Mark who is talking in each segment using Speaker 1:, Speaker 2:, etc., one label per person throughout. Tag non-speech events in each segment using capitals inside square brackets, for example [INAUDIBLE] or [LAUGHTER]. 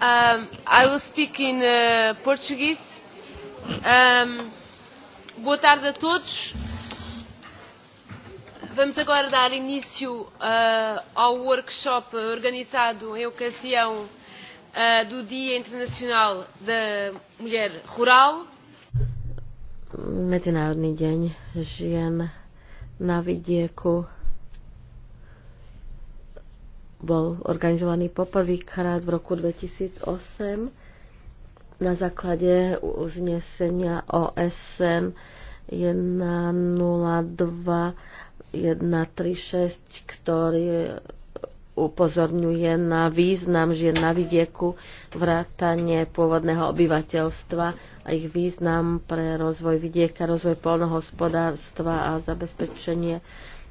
Speaker 1: Um, I will speak in uh, Portuguese. Um, boa tarde a todos. Vamos agora dar início uh, ao workshop organizado em ocasião uh, do Dia Internacional da Mulher
Speaker 2: Rural.
Speaker 3: Medzinárodný deň žien na vidieku bol organizovaný poprvýkrát v roku 2008 na základe uznesenia OSN 102136, ktorý upozorňuje na význam žien na vidieku, vrátanie pôvodného obyvateľstva a ich význam pre rozvoj vidieka, rozvoj polnohospodárstva a zabezpečenie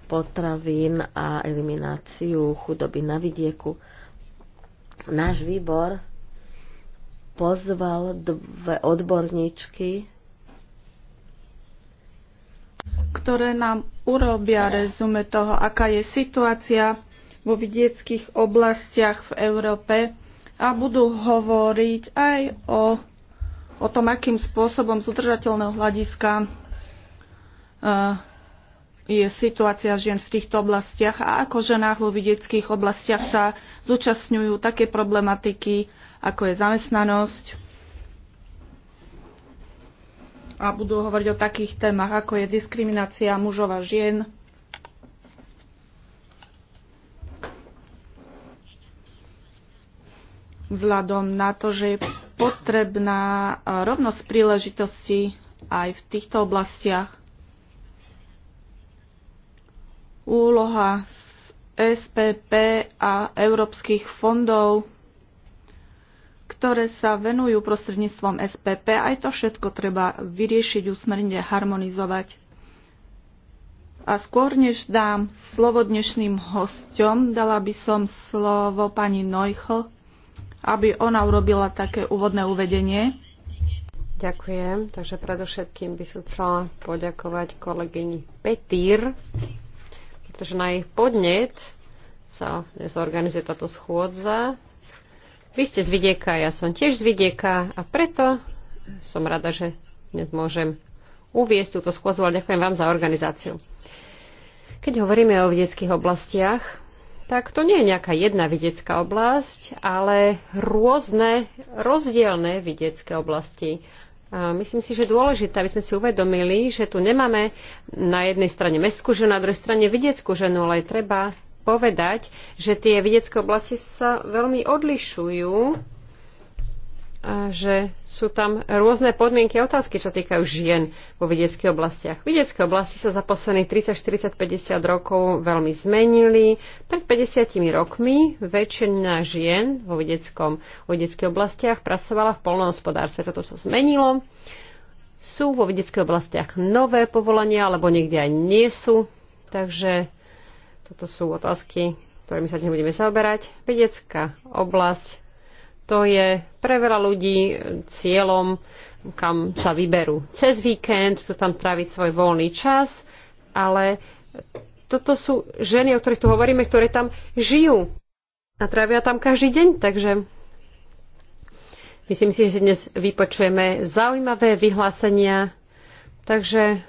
Speaker 3: potravín a elimináciu chudoby na vidieku. Náš výbor pozval dve odborníčky,
Speaker 2: ktoré nám urobia rezume toho, aká je situácia vo vidieckých oblastiach v Európe a budú hovoriť aj o, o tom, akým spôsobom z udržateľného hľadiska uh, je situácia žien v týchto oblastiach a ako ženách vo vidieckých oblastiach sa zúčastňujú také problematiky, ako je zamestnanosť. A budú hovoriť o takých témach, ako je diskriminácia mužov a žien. Vzhľadom na to, že je potrebná rovnosť príležitosti aj v týchto oblastiach úloha SPP a európskych fondov, ktoré sa venujú prostredníctvom SPP. Aj to všetko treba vyriešiť, usmerne harmonizovať. A skôr než dám slovo dnešným hostom, dala by som slovo pani Neuchl, aby ona urobila také úvodné uvedenie. Ďakujem. Takže predovšetkým by som chcela poďakovať kolegyni Petír
Speaker 1: Takže na ich podnet sa dnes organizuje táto schôdza. Vy ste z vidieka, ja som tiež z vidieka a preto som rada, že dnes môžem uviesť túto schôdzu, ale ďakujem vám za organizáciu. Keď hovoríme o vidieckých oblastiach, tak to nie je nejaká jedna vidiecká oblasť, ale rôzne rozdielne vidiecké oblasti. Myslím si, že je dôležité, aby sme si uvedomili, že tu nemáme na jednej strane mestskú ženu, na druhej strane vidieckú ženu, ale treba povedať, že tie vidiecké oblasti sa veľmi odlišujú že sú tam rôzne podmienky a otázky, čo týkajú žien vo vidieckých oblastiach. Vidiecké oblasti sa za posledných 30, 40, 50 rokov veľmi zmenili. Pred 50 rokmi väčšina žien vo vidieckom, vo vidieckých oblastiach pracovala v polnohospodárstve. Toto sa zmenilo. Sú vo vidieckých oblastiach nové povolania, alebo niekde aj nie sú. Takže toto sú otázky, ktorými sa dnes budeme zaoberať. Vedecká oblasť to je pre veľa ľudí cieľom, kam sa vyberú cez víkend, sú tam tráviť svoj voľný čas, ale toto sú ženy, o ktorých tu hovoríme, ktoré tam žijú a trávia tam každý deň, takže myslím si, že dnes vypočujeme zaujímavé vyhlásenia. Takže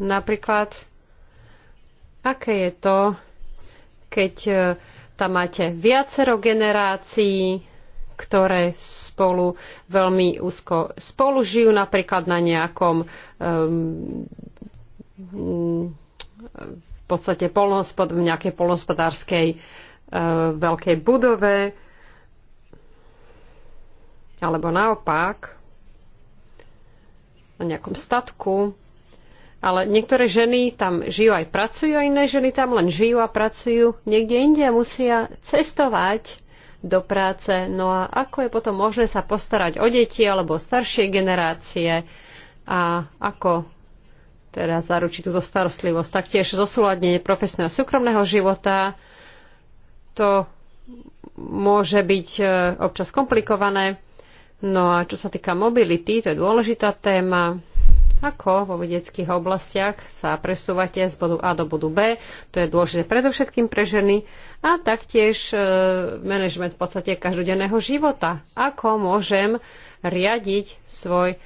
Speaker 1: napríklad, aké je to, keď eh, tam máte viacero generácií, ktoré spolu veľmi úzko spolu žijú napríklad na nejakom um, v podstate polnohospod- v nejakej polnohospodárskej uh, veľkej budove, alebo naopak na nejakom statku. Ale niektoré ženy tam žijú aj pracujú, a iné ženy tam len žijú a pracujú niekde inde musia cestovať do práce. No a ako je potom možné sa postarať o deti alebo staršie generácie a ako teda zaručiť túto starostlivosť. Taktiež zosúladnenie profesného a súkromného života. To môže byť e, občas komplikované. No a čo sa týka mobility, to je dôležitá téma ako vo vedeckých oblastiach sa presúvate z bodu A do bodu B. To je dôležité predovšetkým pre ženy a taktiež e, manažment v podstate každodenného života. Ako môžem riadiť svoj e,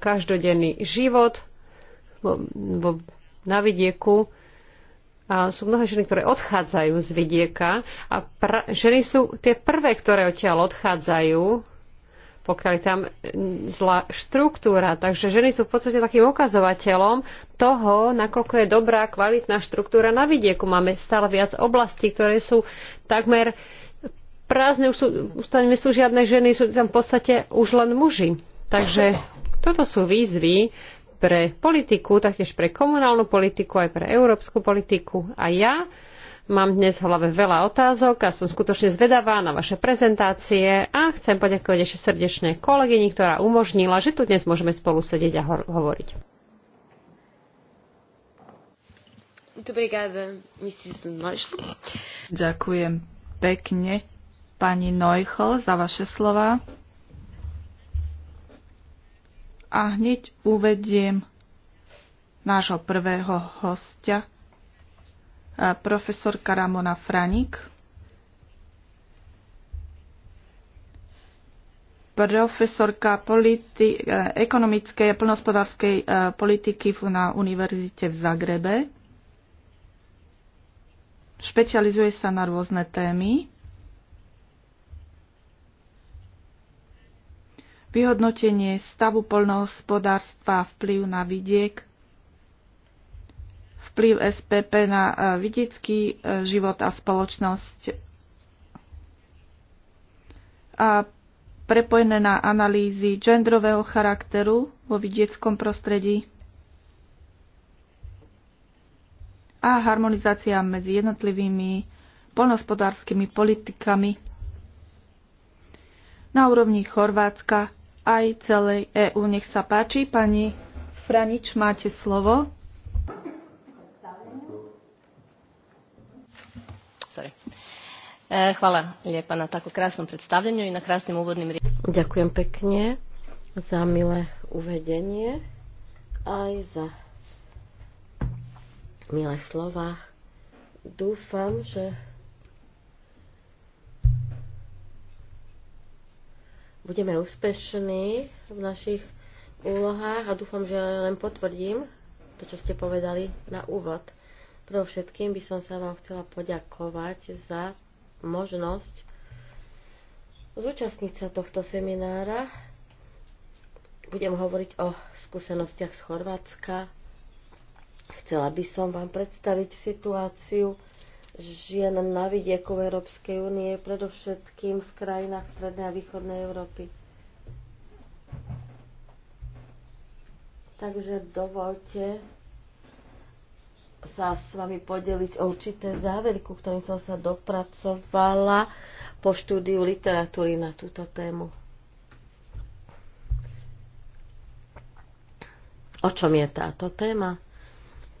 Speaker 1: každodenný život vo, vo, na vidieku. A sú mnohé ženy, ktoré odchádzajú z vidieka a pra- ženy sú tie prvé, ktoré odtiaľ odchádzajú pokiaľ je tam mm, zlá štruktúra. Takže ženy sú v podstate takým ukazovateľom toho, nakoľko je dobrá, kvalitná štruktúra na vidieku. Máme stále viac oblastí, ktoré sú takmer prázdne, už, sú, už tam nie sú žiadne ženy, sú tam v podstate už len muži. Takže toto sú výzvy pre politiku, taktiež pre komunálnu politiku, aj pre európsku politiku. A ja Mám dnes v hlave veľa otázok a som skutočne zvedavá na vaše prezentácie a chcem poďakovať ešte srdečne kolegyni, ktorá umožnila, že tu dnes môžeme spolu sedieť a hovoriť.
Speaker 2: Ďakujem pekne pani Neuchel za vaše slova. A hneď uvediem nášho prvého hostia, profesorka Ramona Franik, profesorka politi- e, ekonomickej a plnospodárskej e, politiky na univerzite v Zagrebe. Špecializuje sa na rôzne témy. Vyhodnotenie stavu polnohospodárstva a vplyv na vidiek vplyv SPP na e, vidický e, život a spoločnosť a prepojené na analýzy genderového charakteru vo vidieckom prostredí a harmonizácia medzi jednotlivými polnospodárskymi politikami na úrovni Chorvátska aj celej EÚ. Nech sa páči, pani Franič, máte slovo. E, Hvala lijepa na
Speaker 3: tako predstavljanju i na Ďakujem pekne za milé uvedenie aj za milé slova. Dúfam, že budeme úspešní v našich úlohách a dúfam, že len potvrdím to, čo ste povedali na úvod. Pre všetkým by som sa vám chcela poďakovať za možnosť zúčastniť sa tohto seminára. Budem hovoriť o skúsenostiach z Chorvátska. Chcela by som vám predstaviť situáciu žien na vidieku v Európskej únie, predovšetkým v krajinách Strednej a Východnej Európy. Takže dovolte, sa s vami podeliť o určité závery, ku ktorým som sa dopracovala po štúdiu literatúry na túto tému. O čom je táto téma?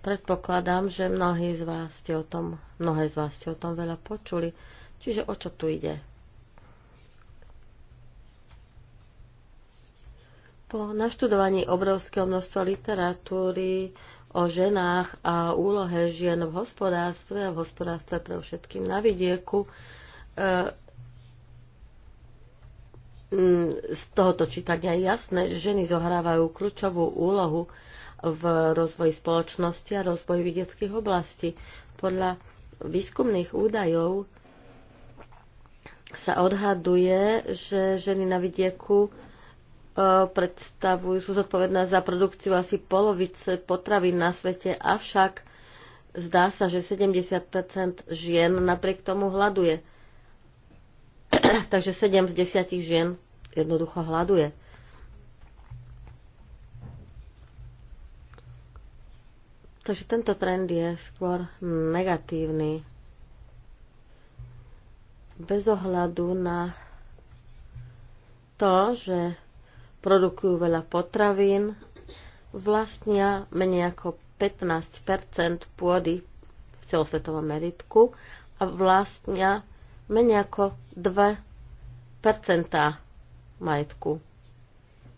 Speaker 3: Predpokladám, že mnohí z vás ste o tom, mnohé z vás ste o tom veľa počuli. Čiže o čo tu ide? Po naštudovaní obrovského množstva literatúry o ženách a úlohe žien v hospodárstve a v hospodárstve pre všetkým na vidieku. Eh, z tohoto čítania je jasné, že ženy zohrávajú kľúčovú úlohu v rozvoji spoločnosti a rozvoji vidieckých oblastí. Podľa výskumných údajov sa odhaduje, že ženy na vidieku Eh, predstavujú, sú zodpovedné za produkciu asi polovice potravín na svete, avšak zdá sa, že 70 žien napriek tomu hľaduje. [CLEARS THROAT] Takže 7 z 10 žien jednoducho hľaduje. Takže tento trend je skôr negatívny. Bez ohľadu na to, že produkujú veľa potravín, vlastnia menej ako 15 pôdy v celosvetovom meritku a vlastnia menej ako 2 majetku,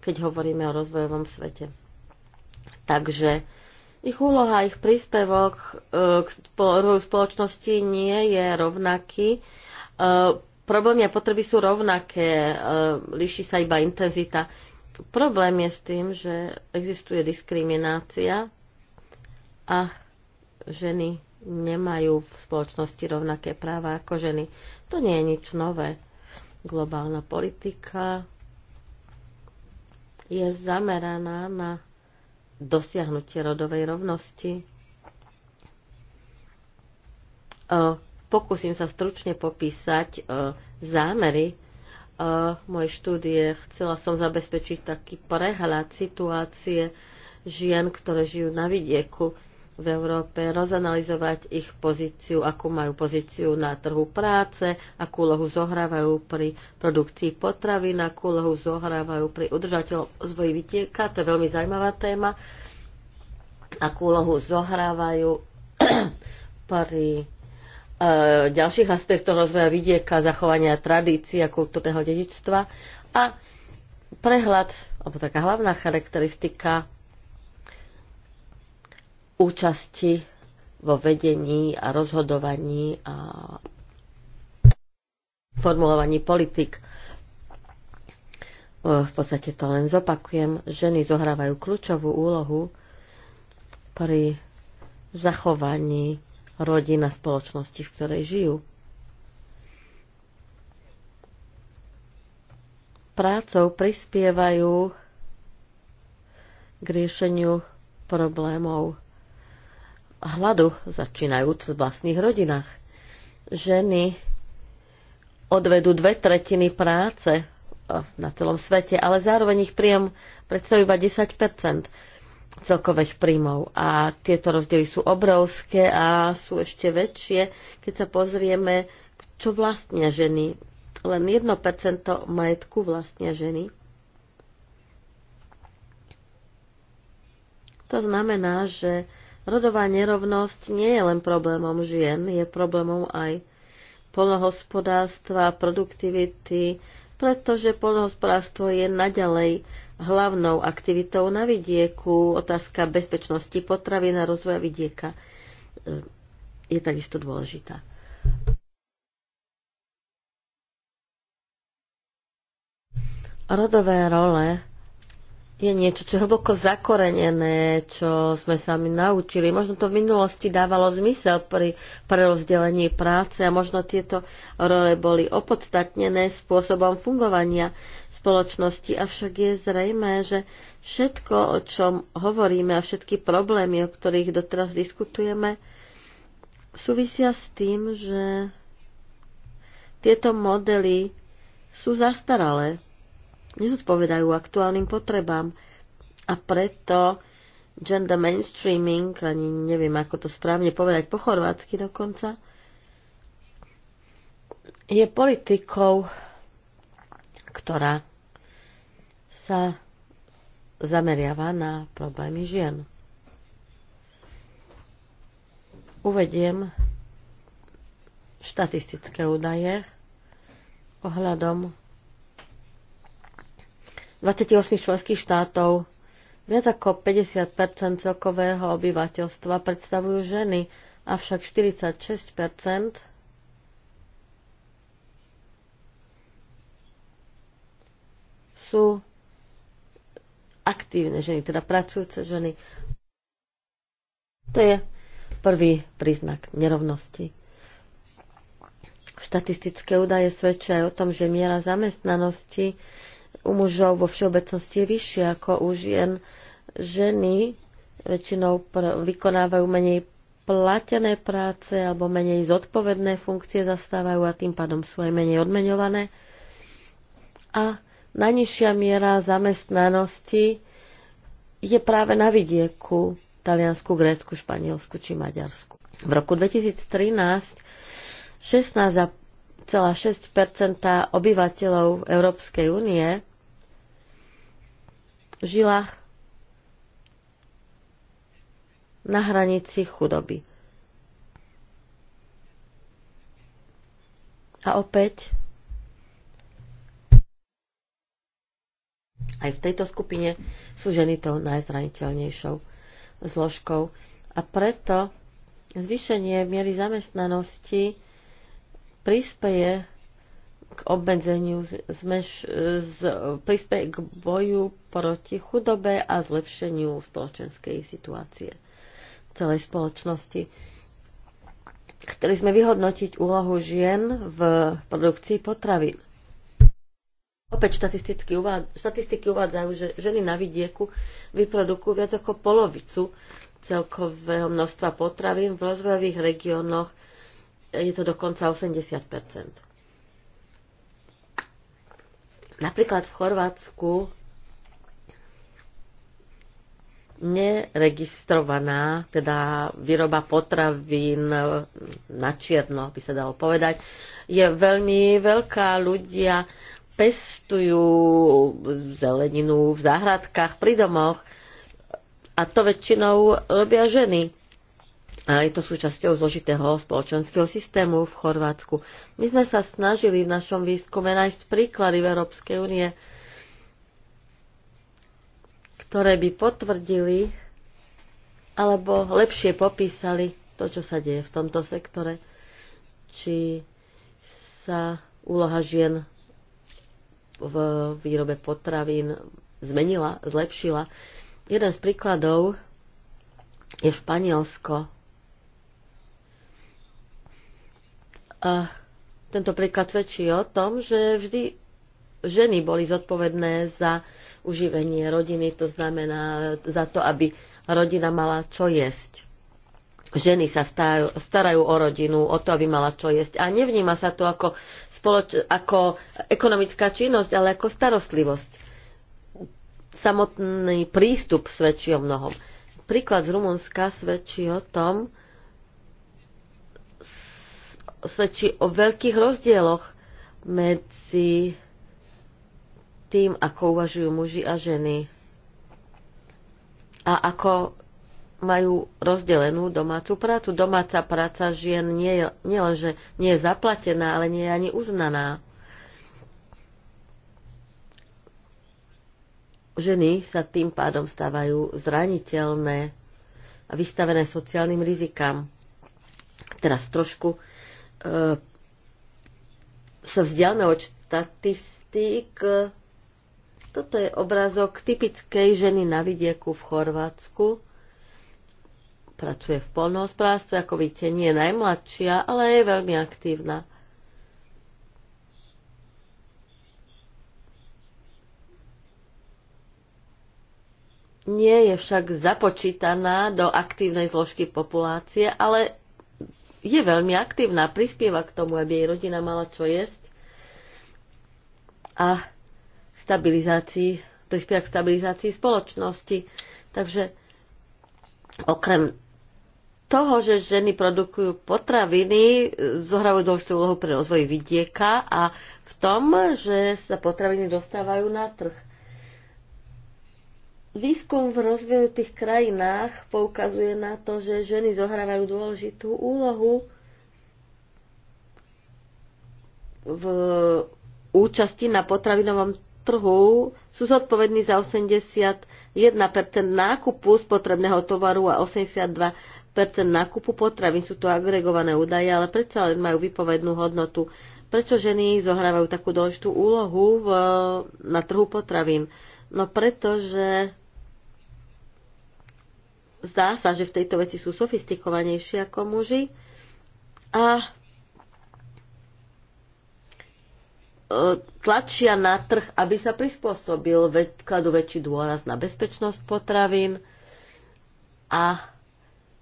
Speaker 3: keď hovoríme o rozvojovom svete. Takže ich úloha, ich príspevok e, k rozvoju spoločnosti nie je rovnaký. E, problémy a potreby sú rovnaké, e, líši sa iba intenzita. Problém je s tým, že existuje diskriminácia a ženy nemajú v spoločnosti rovnaké práva ako ženy. To nie je nič nové. Globálna politika je zameraná na dosiahnutie rodovej rovnosti. Pokúsim sa stručne popísať zámery moje štúdie. Chcela som zabezpečiť taký prehľad situácie žien, ktoré žijú na vidieku v Európe, rozanalizovať ich pozíciu, akú majú pozíciu na trhu práce, akú úlohu zohrávajú pri produkcii potravín, akú úlohu zohrávajú pri udržateľov zvoji vidieka, to je veľmi zaujímavá téma, akú úlohu zohrávajú [CLEARS THROAT] pri E, ďalších aspektov rozvoja vidieka, zachovania tradícií a kultúrneho dedičstva a prehľad, alebo taká hlavná charakteristika účasti vo vedení a rozhodovaní a formulovaní politik. E, v podstate to len zopakujem. Ženy zohrávajú kľúčovú úlohu pri zachovaní rodina a spoločnosti, v ktorej žijú. Prácou prispievajú k riešeniu problémov hladu, začínajúc v vlastných rodinách. Ženy odvedú dve tretiny práce eh, na celom svete, ale zároveň ich príjem predstavuje iba 10 celkových príjmov. A tieto rozdiely sú obrovské a sú ešte väčšie, keď sa pozrieme, čo vlastnia ženy. Len 1% majetku vlastnia ženy. To znamená, že rodová nerovnosť nie je len problémom žien, je problémom aj polnohospodárstva, produktivity, pretože polnohospodárstvo je naďalej hlavnou aktivitou na vidieku. Otázka bezpečnosti potravy na rozvoja vidieka e, je takisto dôležitá. Rodové role je niečo, čo je hlboko zakorenené, čo sme sami naučili. Možno to v minulosti dávalo zmysel pri prerozdelení práce a možno tieto role boli opodstatnené spôsobom fungovania spoločnosti. Avšak je zrejmé, že všetko, o čom hovoríme a všetky problémy, o ktorých doteraz diskutujeme, súvisia s tým, že tieto modely sú zastaralé, nezodpovedajú aktuálnym potrebám a preto gender mainstreaming, ani neviem, ako to správne povedať po chorvátsky dokonca, je politikou ktorá sa zameriava na problémy žien. Uvediem štatistické údaje ohľadom 28 členských štátov. Viac ako 50 celkového obyvateľstva predstavujú ženy, avšak 46 sú aktívne ženy, teda pracujúce ženy. To je prvý príznak nerovnosti. Štatistické údaje svedčia aj o tom, že miera zamestnanosti u mužov vo všeobecnosti je vyššia ako u žien. Ženy väčšinou vykonávajú menej platené práce alebo menej zodpovedné funkcie zastávajú a tým pádom sú aj menej odmeňované. A Najnižšia miera zamestnanosti je práve na vidieku Taliansku, Grécku, Španielsku či Maďarsku. V roku 2013 16,6 obyvateľov Európskej únie žila na hranici chudoby. A opäť Aj v tejto skupine sú ženy tou najzraniteľnejšou zložkou. A preto zvýšenie miery zamestnanosti prispieje k obmedzeniu, zmenš, z, k boju proti chudobe a zlepšeniu spoločenskej situácie celej spoločnosti. Chceli sme vyhodnotiť úlohu žien v produkcii potravín. Opäť uvád- štatistiky uvádzajú, že ženy na vidieku vyprodukujú viac ako polovicu celkového množstva potravín. V rozvojových regiónoch je to dokonca 80 Napríklad v Chorvátsku neregistrovaná, teda výroba potravín na čierno, by sa dalo povedať, je veľmi veľká. Ľudia pestujú zeleninu v záhradkách, pri domoch. A to väčšinou robia ženy. A je to súčasťou zložitého spoločenského systému v Chorvátsku. My sme sa snažili v našom výskume nájsť príklady v Európskej únie, ktoré by potvrdili alebo lepšie popísali to, čo sa deje v tomto sektore, či sa úloha žien v výrobe potravín zmenila, zlepšila. Jeden z príkladov je Španielsko. A tento príklad svedčí o tom, že vždy ženy boli zodpovedné za uživenie rodiny, to znamená za to, aby rodina mala čo jesť ženy sa starajú, starajú o rodinu, o to, aby mala čo jesť. A nevníma sa to ako, spoloč- ako ekonomická činnosť, ale ako starostlivosť. Samotný prístup svedčí o mnohom. Príklad z Rumunska svedčí o tom, svedčí o veľkých rozdieloch medzi tým, ako uvažujú muži a ženy a ako majú rozdelenú domácu prácu. Domáca práca žien nie je, len, že nie je zaplatená, ale nie je ani uznaná. Ženy sa tým pádom stávajú zraniteľné a vystavené sociálnym rizikám. Teraz trošku e, sa vzdialme od štatistík. Toto je obrázok typickej ženy na vidieku v Chorvátsku Pracuje v polnohospodárstve, ako vidíte, nie je najmladšia, ale je veľmi aktívna. Nie je však započítaná do aktívnej zložky populácie, ale je veľmi aktívna, prispieva k tomu, aby jej rodina mala čo jesť a stabilizácii, prispieva k stabilizácii spoločnosti. Takže okrem toho, že ženy produkujú potraviny, e, zohrávajú dôležitú úlohu pre rozvoj vidieka a v tom, že sa potraviny dostávajú na trh. Výskum v rozvinutých krajinách poukazuje na to, že ženy zohrávajú dôležitú úlohu v účasti na potravinovom trhu sú zodpovední za 81% nákupu spotrebného tovaru a 82 nákupu potravín. Sú to agregované údaje, ale predsa len majú vypovednú hodnotu. Prečo ženy zohrávajú takú dôležitú úlohu v, na trhu potravín? No pretože zdá sa, že v tejto veci sú sofistikovanejšie ako muži a e, tlačia na trh, aby sa prispôsobil, kladú väčší dôraz na bezpečnosť potravín a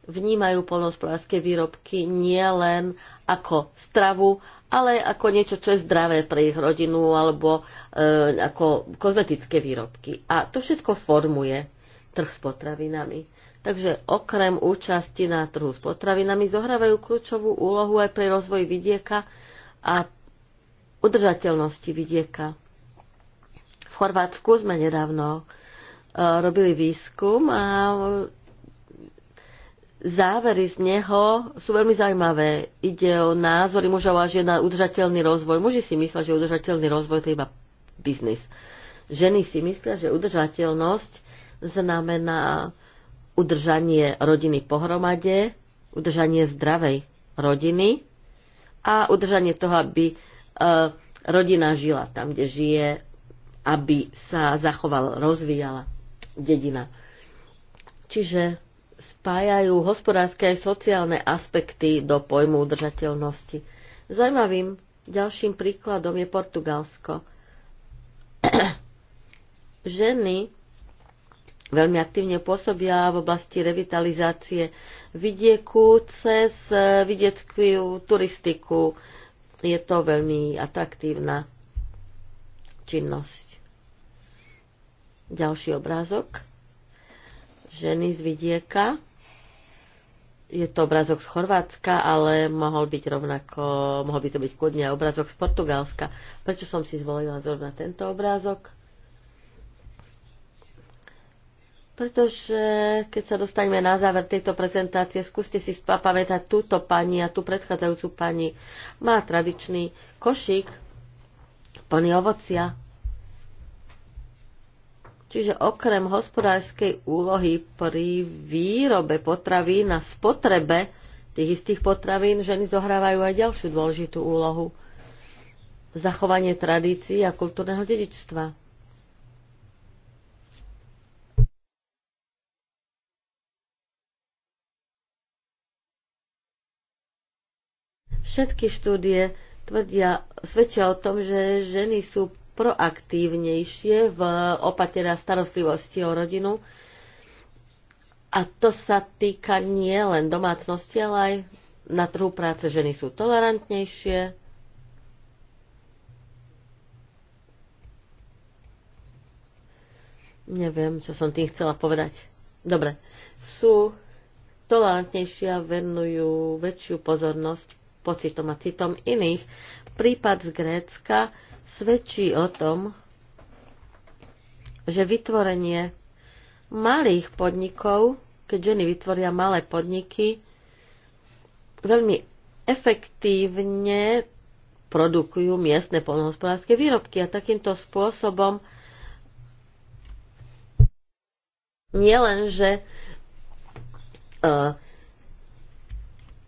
Speaker 3: vnímajú polnospodárske výrobky nielen ako stravu, ale ako niečo, čo je zdravé pre ich rodinu alebo e, ako kozmetické výrobky. A to všetko formuje trh s potravinami. Takže okrem účasti na trhu s potravinami zohrávajú kľúčovú úlohu aj pri rozvoji vidieka a udržateľnosti vidieka. V Chorvátsku sme nedávno e, robili výskum a závery z neho sú veľmi zaujímavé. Ide o názory mužov a žien na udržateľný rozvoj. Muži si myslia, že udržateľný rozvoj to je iba biznis. Ženy si myslia, že udržateľnosť znamená udržanie rodiny pohromade, udržanie zdravej rodiny a udržanie toho, aby e, rodina žila tam, kde žije, aby sa zachovala, rozvíjala dedina. Čiže spájajú hospodárske aj sociálne aspekty do pojmu udržateľnosti. Zajímavým ďalším príkladom je Portugalsko. [CLEARS THROAT] Ženy veľmi aktívne pôsobia v oblasti revitalizácie vidieku cez vidieckú turistiku. Je to veľmi atraktívna činnosť. Ďalší obrázok ženy z vidieka. Je to obrázok z Chorvátska, ale mohol byť rovnako, mohol by to byť kudne obrazok z Portugalska. Prečo som si zvolila zrovna tento obrázok? Pretože keď sa dostaneme na záver tejto prezentácie, skúste si pamätať túto pani a tú predchádzajúcu pani. Má tradičný košík plný ovocia, Čiže okrem hospodárskej úlohy pri výrobe potravín na spotrebe tých istých potravín ženy zohrávajú aj ďalšiu dôležitú úlohu. Zachovanie tradícií a kultúrneho dedičstva. Všetky štúdie tvrdia, svedčia o tom, že ženy sú proaktívnejšie v opatreniach starostlivosti o rodinu. A to sa týka nie len domácnosti, ale aj na trhu práce ženy sú tolerantnejšie. Neviem, čo som tým chcela povedať. Dobre. Sú tolerantnejšie a venujú väčšiu pozornosť pocitom a citom iných. Prípad z Grécka svedčí o tom, že vytvorenie malých podnikov, keď ženy vytvoria malé podniky, veľmi efektívne produkujú miestne polnohospodárske výrobky a takýmto spôsobom nielen, že uh,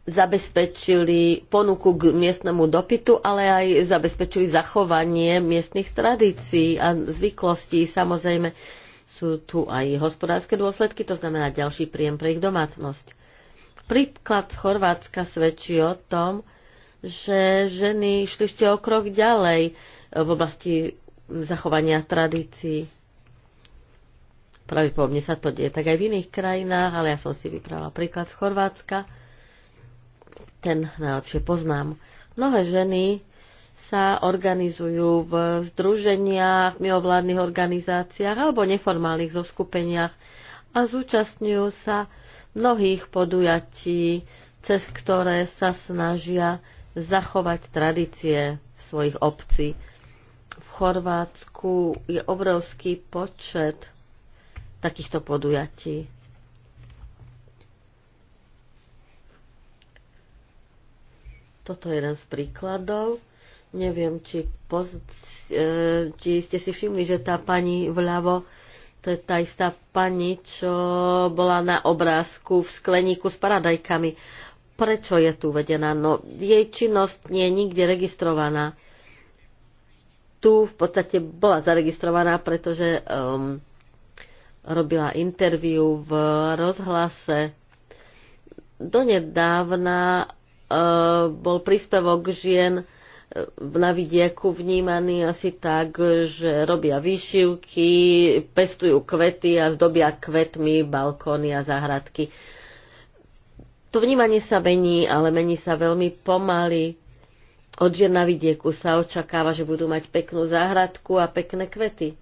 Speaker 3: zabezpečili ponuku k miestnemu dopytu, ale aj zabezpečili zachovanie miestnych tradícií a zvyklostí. Samozrejme sú tu aj hospodárske dôsledky, to znamená ďalší príjem pre ich domácnosť. Príklad z Chorvátska svedčí o tom, že ženy šli ešte o krok ďalej v oblasti zachovania tradícií. Pravdepodobne sa to deje tak aj v iných krajinách, ale ja som si vyprávala príklad z Chorvátska ten najlepšie poznám. Mnohé ženy sa organizujú v združeniach, mimovládnych organizáciách alebo neformálnych zoskupeniach a zúčastňujú sa mnohých podujatí, cez ktoré sa snažia zachovať tradície svojich obcí. V Chorvátsku je obrovský počet takýchto podujatí. Toto je jeden z príkladov. Neviem, či, poz, e, či ste si všimli, že tá pani vľavo, to je tá istá pani, čo bola na obrázku v skleníku s paradajkami. Prečo je tu vedená? No, jej činnosť nie je nikde registrovaná. Tu v podstate bola zaregistrovaná, pretože um, robila interviu v rozhlase. Donedávna Eh, bol príspevok žien eh, na vidieku vnímaný asi tak, že robia výšivky, pestujú kvety a zdobia kvetmi balkóny a záhradky. To vnímanie sa mení, ale mení sa veľmi pomaly. Od žien na vidieku sa očakáva, že budú mať peknú záhradku a pekné kvety.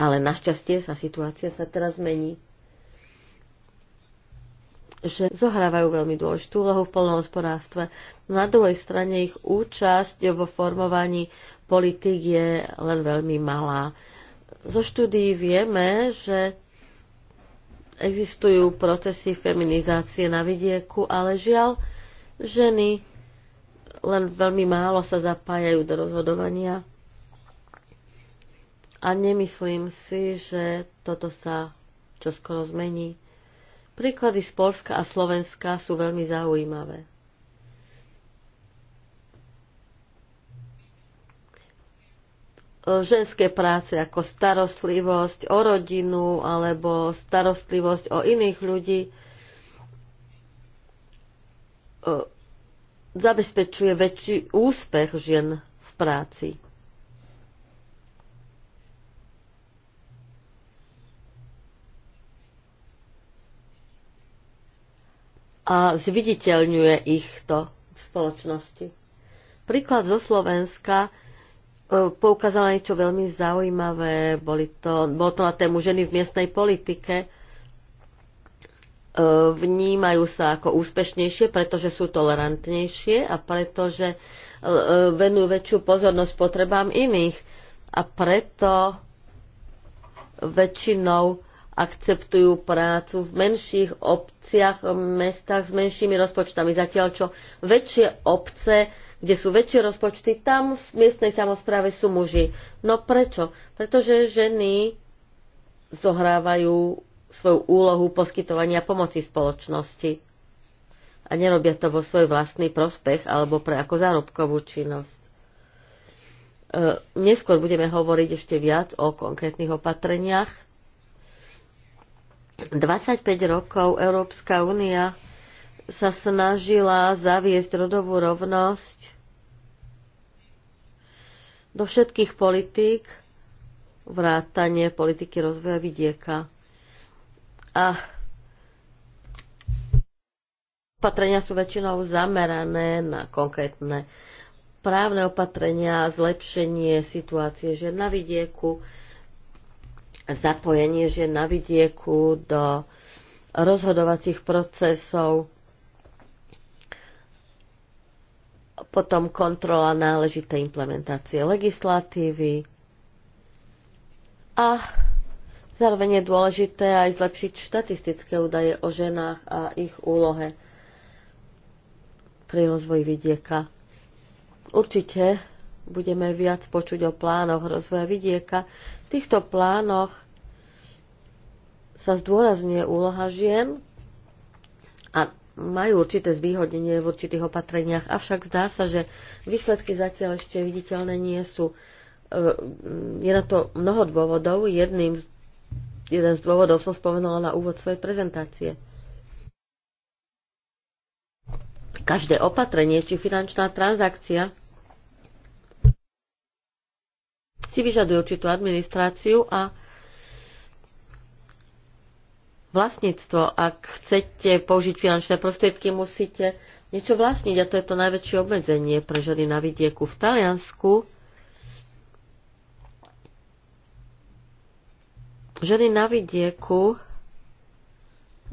Speaker 3: Ale našťastie sa situácia sa teraz mení že zohrávajú veľmi dôležitú úlohu v polnohospodárstve. No na druhej strane ich účasť vo formovaní politik je len veľmi malá. Zo štúdií vieme, že existujú procesy feminizácie na vidieku, ale žiaľ, ženy len veľmi málo sa zapájajú do rozhodovania. A nemyslím si, že toto sa čoskoro zmení. Príklady z Polska a Slovenska sú veľmi zaujímavé. E, ženské práce ako starostlivosť o rodinu alebo starostlivosť o iných ľudí e, zabezpečuje väčší úspech žien v práci. a zviditeľňuje ich to v spoločnosti. Príklad zo Slovenska e, poukázala niečo veľmi zaujímavé. Boli to, bolo to na tému ženy v miestnej politike. E, vnímajú sa ako úspešnejšie, pretože sú tolerantnejšie a pretože e, venujú väčšiu pozornosť potrebám iných. A preto väčšinou akceptujú prácu v menších obciach, mestách s menšími rozpočtami. Zatiaľ čo väčšie obce, kde sú väčšie rozpočty, tam v miestnej samozpráve sú muži. No prečo? Pretože ženy zohrávajú svoju úlohu poskytovania pomoci spoločnosti a nerobia to vo svoj vlastný prospech alebo pre ako zárobkovú činnosť. E, neskôr budeme hovoriť ešte viac o konkrétnych opatreniach, 25 rokov Európska únia sa snažila zaviesť rodovú rovnosť do všetkých politík, vrátanie politiky rozvoja vidieka. A opatrenia sú väčšinou zamerané na konkrétne právne opatrenia a zlepšenie situácie žien na vidieku, zapojenie žien na vidieku do rozhodovacích procesov, potom kontrola náležitej implementácie legislatívy a zároveň je dôležité aj zlepšiť štatistické údaje o ženách a ich úlohe pri rozvoji vidieka. Určite budeme viac počuť o plánoch rozvoja vidieka, v týchto plánoch sa zdôrazňuje úloha žien a majú určité zvýhodnenie v určitých opatreniach, avšak zdá sa, že výsledky zatiaľ ešte viditeľné nie sú. E, je na to mnoho dôvodov. Jedným, jeden z dôvodov som spomenula na úvod svojej prezentácie. Každé opatrenie či finančná transakcia si vyžaduje určitú administráciu a vlastníctvo. Ak chcete použiť finančné prostriedky, musíte niečo vlastniť a to je to najväčšie obmedzenie pre ženy na vidieku v Taliansku. Ženy na vidieku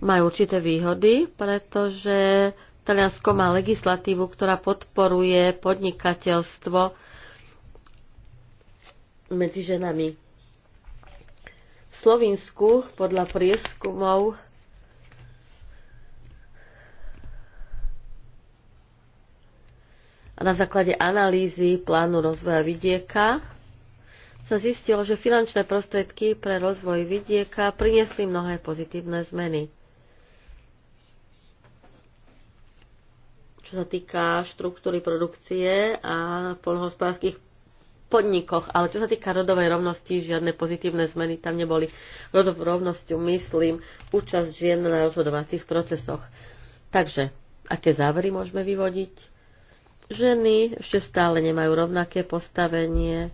Speaker 3: majú určité výhody, pretože Taliansko má legislatívu, ktorá podporuje podnikateľstvo medzi ženami. V Slovinsku podľa prieskumov a na základe analýzy plánu rozvoja vidieka sa zistilo, že finančné prostriedky pre rozvoj vidieka priniesli mnohé pozitívne zmeny. Čo sa týka štruktúry produkcie a polnohospodárských podnikoch, ale čo sa týka rodovej rovnosti, žiadne pozitívne zmeny tam neboli. Rodovou rovnosťou myslím účasť žien na rozhodovacích procesoch. Takže, aké závery môžeme vyvodiť? Ženy ešte stále nemajú rovnaké postavenie,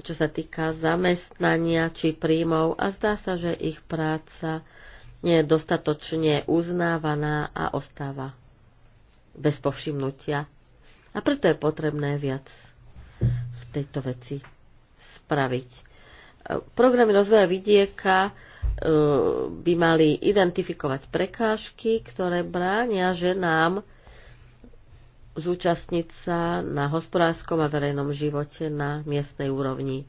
Speaker 3: čo sa týka zamestnania či príjmov a zdá sa, že ich práca nie je dostatočne uznávaná a ostáva bez povšimnutia. A preto je potrebné viac tejto veci spraviť. Programy rozvoja vidieka e, by mali identifikovať prekážky, ktoré bránia ženám zúčastniť sa na hospodárskom a verejnom živote na miestnej úrovni.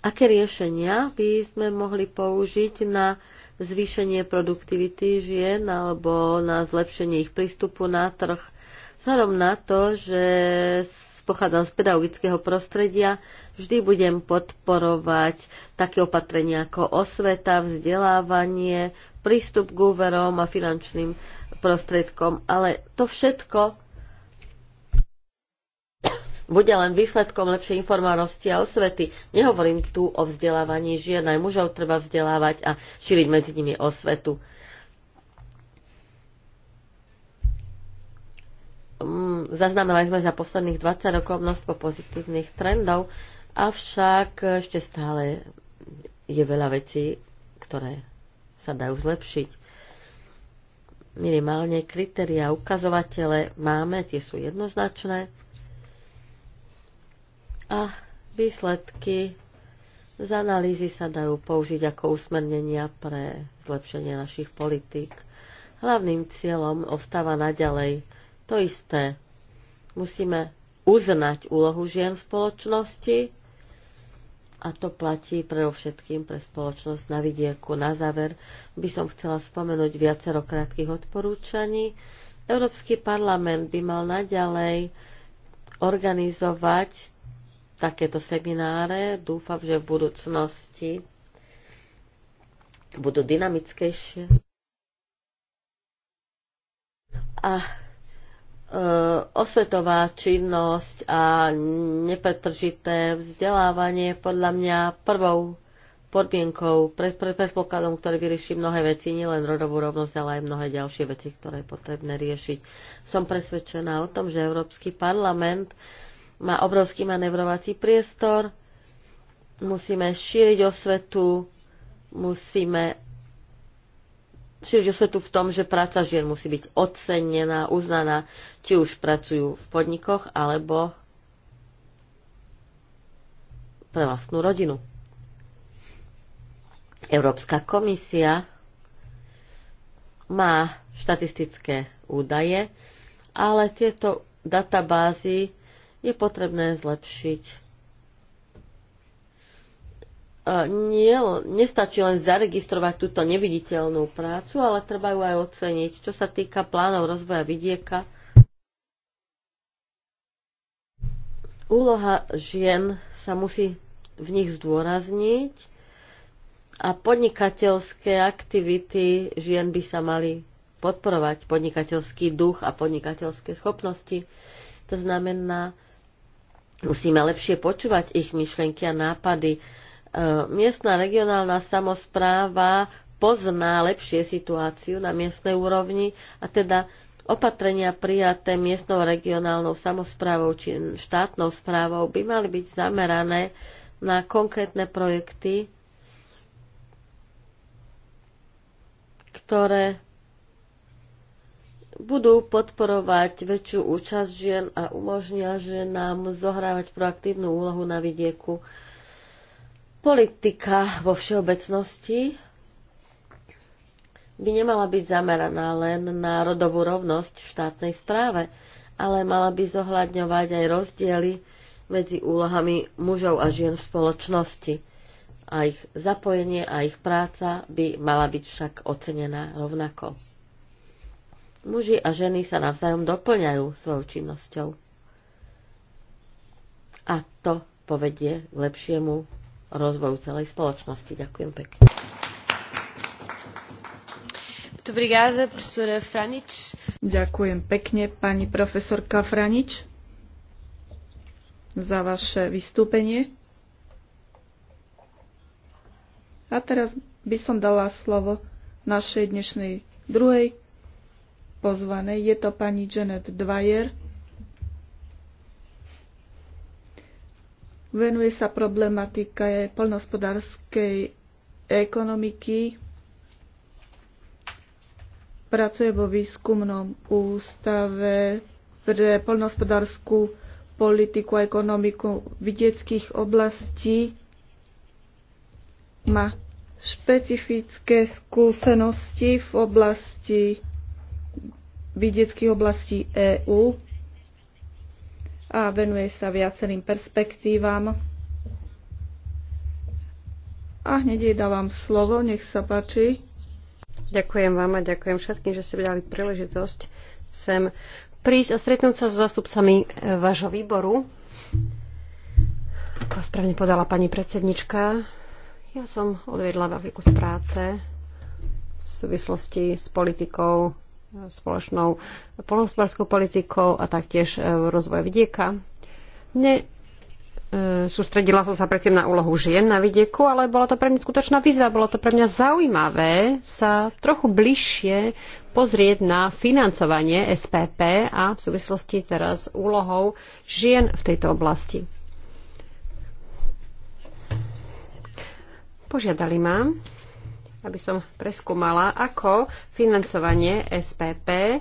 Speaker 3: Aké riešenia by sme mohli použiť na zvýšenie produktivity žien alebo na zlepšenie ich prístupu na trh Vzhľadom na to, že pochádzam z pedagogického prostredia, vždy budem podporovať také opatrenia ako osveta, vzdelávanie, prístup k úverom a finančným prostriedkom, ale to všetko bude len výsledkom lepšej informovanosti a osvety. Nehovorím tu o vzdelávaní žien, aj mužov treba vzdelávať a šíriť medzi nimi osvetu. Mm, zaznamenali sme za posledných 20 rokov množstvo pozitívnych trendov, avšak ešte stále je veľa vecí, ktoré sa dajú zlepšiť. Minimálne kritéria, ukazovatele máme, tie sú jednoznačné a výsledky z analýzy sa dajú použiť ako usmernenia pre zlepšenie našich politík. Hlavným cieľom ostáva naďalej to isté. Musíme uznať úlohu žien v spoločnosti a to platí všetkým pre spoločnosť na vidieku. Na záver by som chcela spomenúť viacero krátkých odporúčaní. Európsky parlament by mal naďalej organizovať takéto semináre. Dúfam, že v budúcnosti budú dynamickejšie. A E, osvetová činnosť a nepretržité vzdelávanie podľa mňa prvou podmienkou, predpokladom, pre, pre ktorý vyrieši mnohé veci, nielen rodovú rovnosť, ale aj mnohé ďalšie veci, ktoré je potrebné riešiť. Som presvedčená o tom, že Európsky parlament má obrovský manevrovací priestor, musíme šíriť osvetu, musíme Čiže sa tu v tom, že práca žien musí byť ocenená, uznaná, či už pracujú v podnikoch alebo pre vlastnú rodinu. Európska komisia má štatistické údaje, ale tieto databázy je potrebné zlepšiť E, nie, nestačí len zaregistrovať túto neviditeľnú prácu, ale treba ju aj oceniť. Čo sa týka plánov rozvoja vidieka, úloha žien sa musí v nich zdôrazniť a podnikateľské aktivity žien by sa mali podporovať, podnikateľský duch a podnikateľské schopnosti. To znamená, musíme lepšie počúvať ich myšlienky a nápady, Ehm, miestna regionálna samozpráva pozná lepšie situáciu na miestnej úrovni a teda opatrenia prijaté miestnou regionálnou samozprávou či štátnou správou by mali byť zamerané na konkrétne projekty, ktoré budú podporovať väčšiu účasť žien a umožnia ženám zohrávať proaktívnu úlohu na vidieku politika vo všeobecnosti by nemala byť zameraná len na rodovú rovnosť v štátnej správe, ale mala by zohľadňovať aj rozdiely medzi úlohami mužov a žien v spoločnosti. A ich zapojenie a ich práca by mala byť však ocenená rovnako. Muži a ženy sa navzájom doplňajú svojou činnosťou. A to povedie k lepšiemu rozvoju celej spoločnosti. Ďakujem
Speaker 2: pekne. Ďakujem pekne, pani profesorka Franič, za vaše vystúpenie. A teraz by som dala slovo našej dnešnej druhej pozvanej. Je to pani Janet Dwyer, Venuje sa problematike poľnohospodárskej ekonomiky, pracuje vo výskumnom ústave pre poľnohospodárskú politiku a ekonomiku vidieckých oblastí, má špecifické skúsenosti v oblasti vidieckých oblastí EÚ a venuje sa viacerým perspektívam. A hneď jej dávam slovo, nech sa páči. Ďakujem vám a ďakujem všetkým, že ste dali
Speaker 1: príležitosť sem prísť a stretnúť sa s zastupcami e, vášho výboru. Ako správne podala pani predsednička, ja som odvedla veľký kus práce v súvislosti s politikou spoločnou polnohospodárskou politikou a taktiež e, rozvoj vidieka. Ne, e, sústredila som sa predtým na úlohu žien na vidieku, ale bola to pre mňa skutočná výzva, bolo to pre mňa zaujímavé sa trochu bližšie pozrieť na financovanie SPP a v súvislosti teraz s úlohou žien v tejto oblasti. Požiadali ma, aby som preskúmala, ako financovanie SPP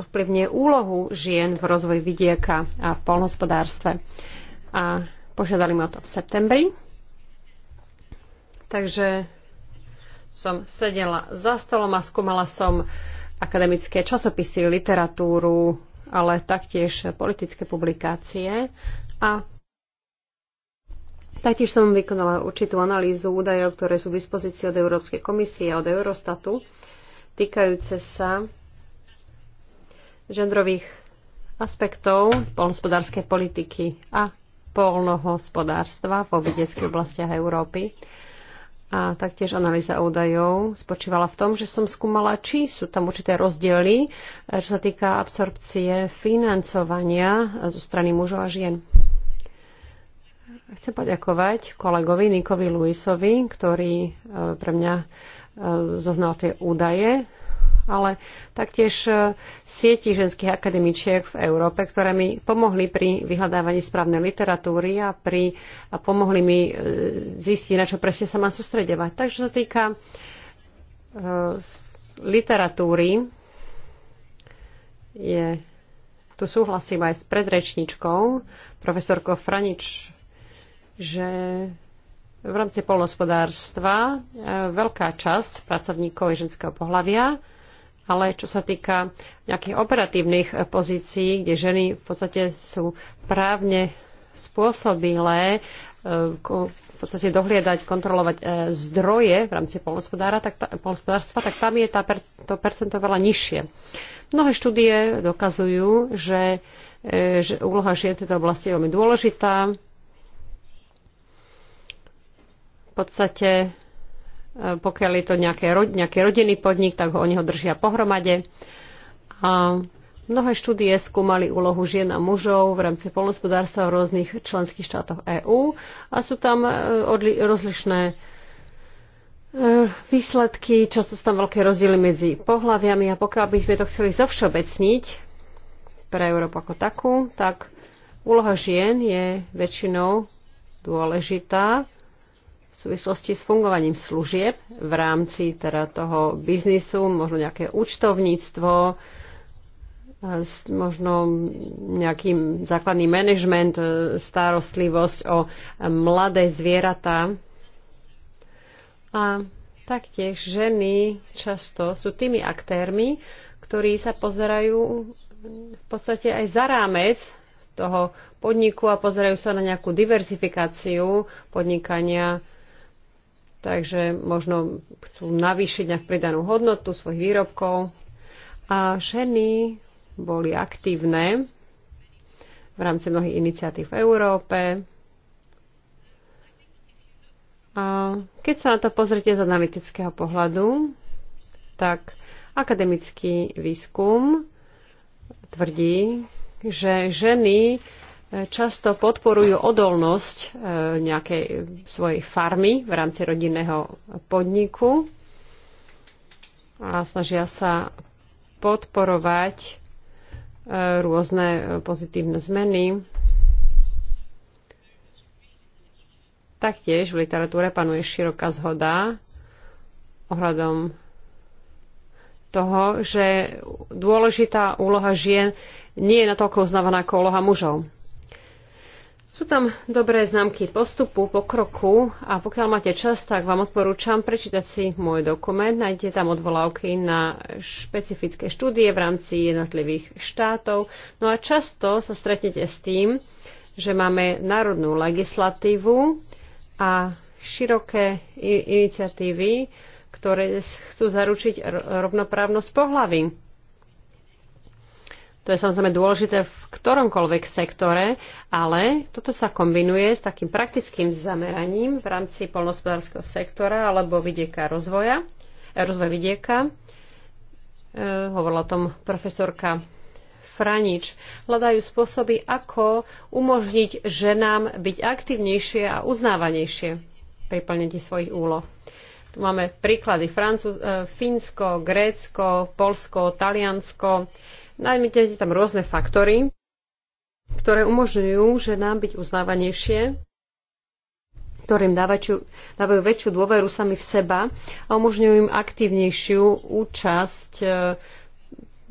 Speaker 1: ovplyvňuje úlohu žien v rozvoji vidieka a v polnospodárstve. A požiadali ma o to v septembri. Takže som sedela za stolom a skúmala som akademické časopisy, literatúru, ale taktiež politické publikácie. A Taktiež som vykonala určitú analýzu údajov, ktoré sú v dispozícii od Európskej komisie a od Eurostatu, týkajúce sa žendrových aspektov polnospodárskej politiky a polnohospodárstva vo vidieckých oblastiach Európy. A taktiež analýza údajov spočívala v tom, že som skúmala, či sú tam určité rozdiely, čo sa týka absorpcie financovania zo strany mužov a žien. Chcem poďakovať kolegovi Nikovi Luisovi, ktorý e, pre mňa e, zohnal tie údaje, ale taktiež e, sieti ženských akademičiek v Európe, ktoré mi pomohli pri vyhľadávaní správnej literatúry a, pri, a pomohli mi zistiť, na čo presne sa mám sústredovať. Takže sa týka literatúry, je, tu súhlasím aj s predrečničkou, profesorkou Franič, že v rámci polnospodárstva e, veľká časť pracovníkov je ženského pohľavia, ale čo sa týka nejakých operatívnych e, pozícií, kde ženy v podstate sú právne spôsobilé e, v podstate dohliadať, kontrolovať zdroje v rámci polnospodára, tak polnospodárstva, tak tam je tá to percento veľa nižšie. Mnohé štúdie dokazujú, že, že úloha žien v tejto oblasti je veľmi dôležitá, podstate, e, pokiaľ je to nejaké, nejaký rodinný podnik, tak ho, oni ho držia pohromade. A mnohé štúdie skúmali úlohu žien a mužov v rámci polnospodárstva v rôznych členských štátoch EÚ a sú tam e, odli- rozlišné e, výsledky, často sú tam veľké rozdiely medzi pohľaviami a pokiaľ by sme to chceli zovšeobecniť pre Európu ako takú, tak úloha žien je väčšinou dôležitá v súvislosti s fungovaním služieb v rámci teda toho biznisu, možno nejaké účtovníctvo, možno nejaký základný manažment, e, starostlivosť o mladé zvieratá. A taktiež ženy často sú tými aktérmi, ktorí sa pozerajú v podstate aj za rámec toho podniku a pozerajú sa na nejakú diverzifikáciu podnikania takže možno chcú navýšiť nejak pridanú hodnotu svojich výrobkov. A ženy boli aktívne v rámci mnohých iniciatív v Európe. A keď sa na to pozrite z analytického pohľadu, tak akademický výskum tvrdí, že ženy často podporujú odolnosť e, nejakej svojej farmy v rámci rodinného podniku a snažia sa podporovať e, rôzne pozitívne zmeny. Taktiež v literatúre panuje široká zhoda ohľadom toho, že dôležitá úloha žien nie je natoľko uznávaná ako úloha mužov. Sú tam dobré známky postupu, pokroku a pokiaľ máte čas, tak vám odporúčam prečítať si môj dokument. Nájdete tam odvolávky na špecifické štúdie v rámci jednotlivých štátov. No a často sa stretnete s tým, že máme národnú legislatívu a široké iniciatívy, ktoré chcú zaručiť rovnoprávnosť pohlavy. To je samozrejme dôležité v ktoromkoľvek sektore, ale toto sa kombinuje s takým praktickým zameraním v rámci polnospodárskeho sektora alebo vidieka rozvoja, eh, rozvoj vidieka. E, hovorila o tom profesorka Franič. Hľadajú spôsoby, ako umožniť ženám byť aktívnejšie a uznávanejšie pri plnení svojich úloh. Tu máme príklady Francúz, e, eh, Fínsko, Grécko, Polsko, Taliansko Nájdete tam rôzne faktory, ktoré umožňujú ženám byť uznávanejšie, ktorým dávajú, dávajú väčšiu dôveru sami v seba a umožňujú im aktívnejšiu účasť e,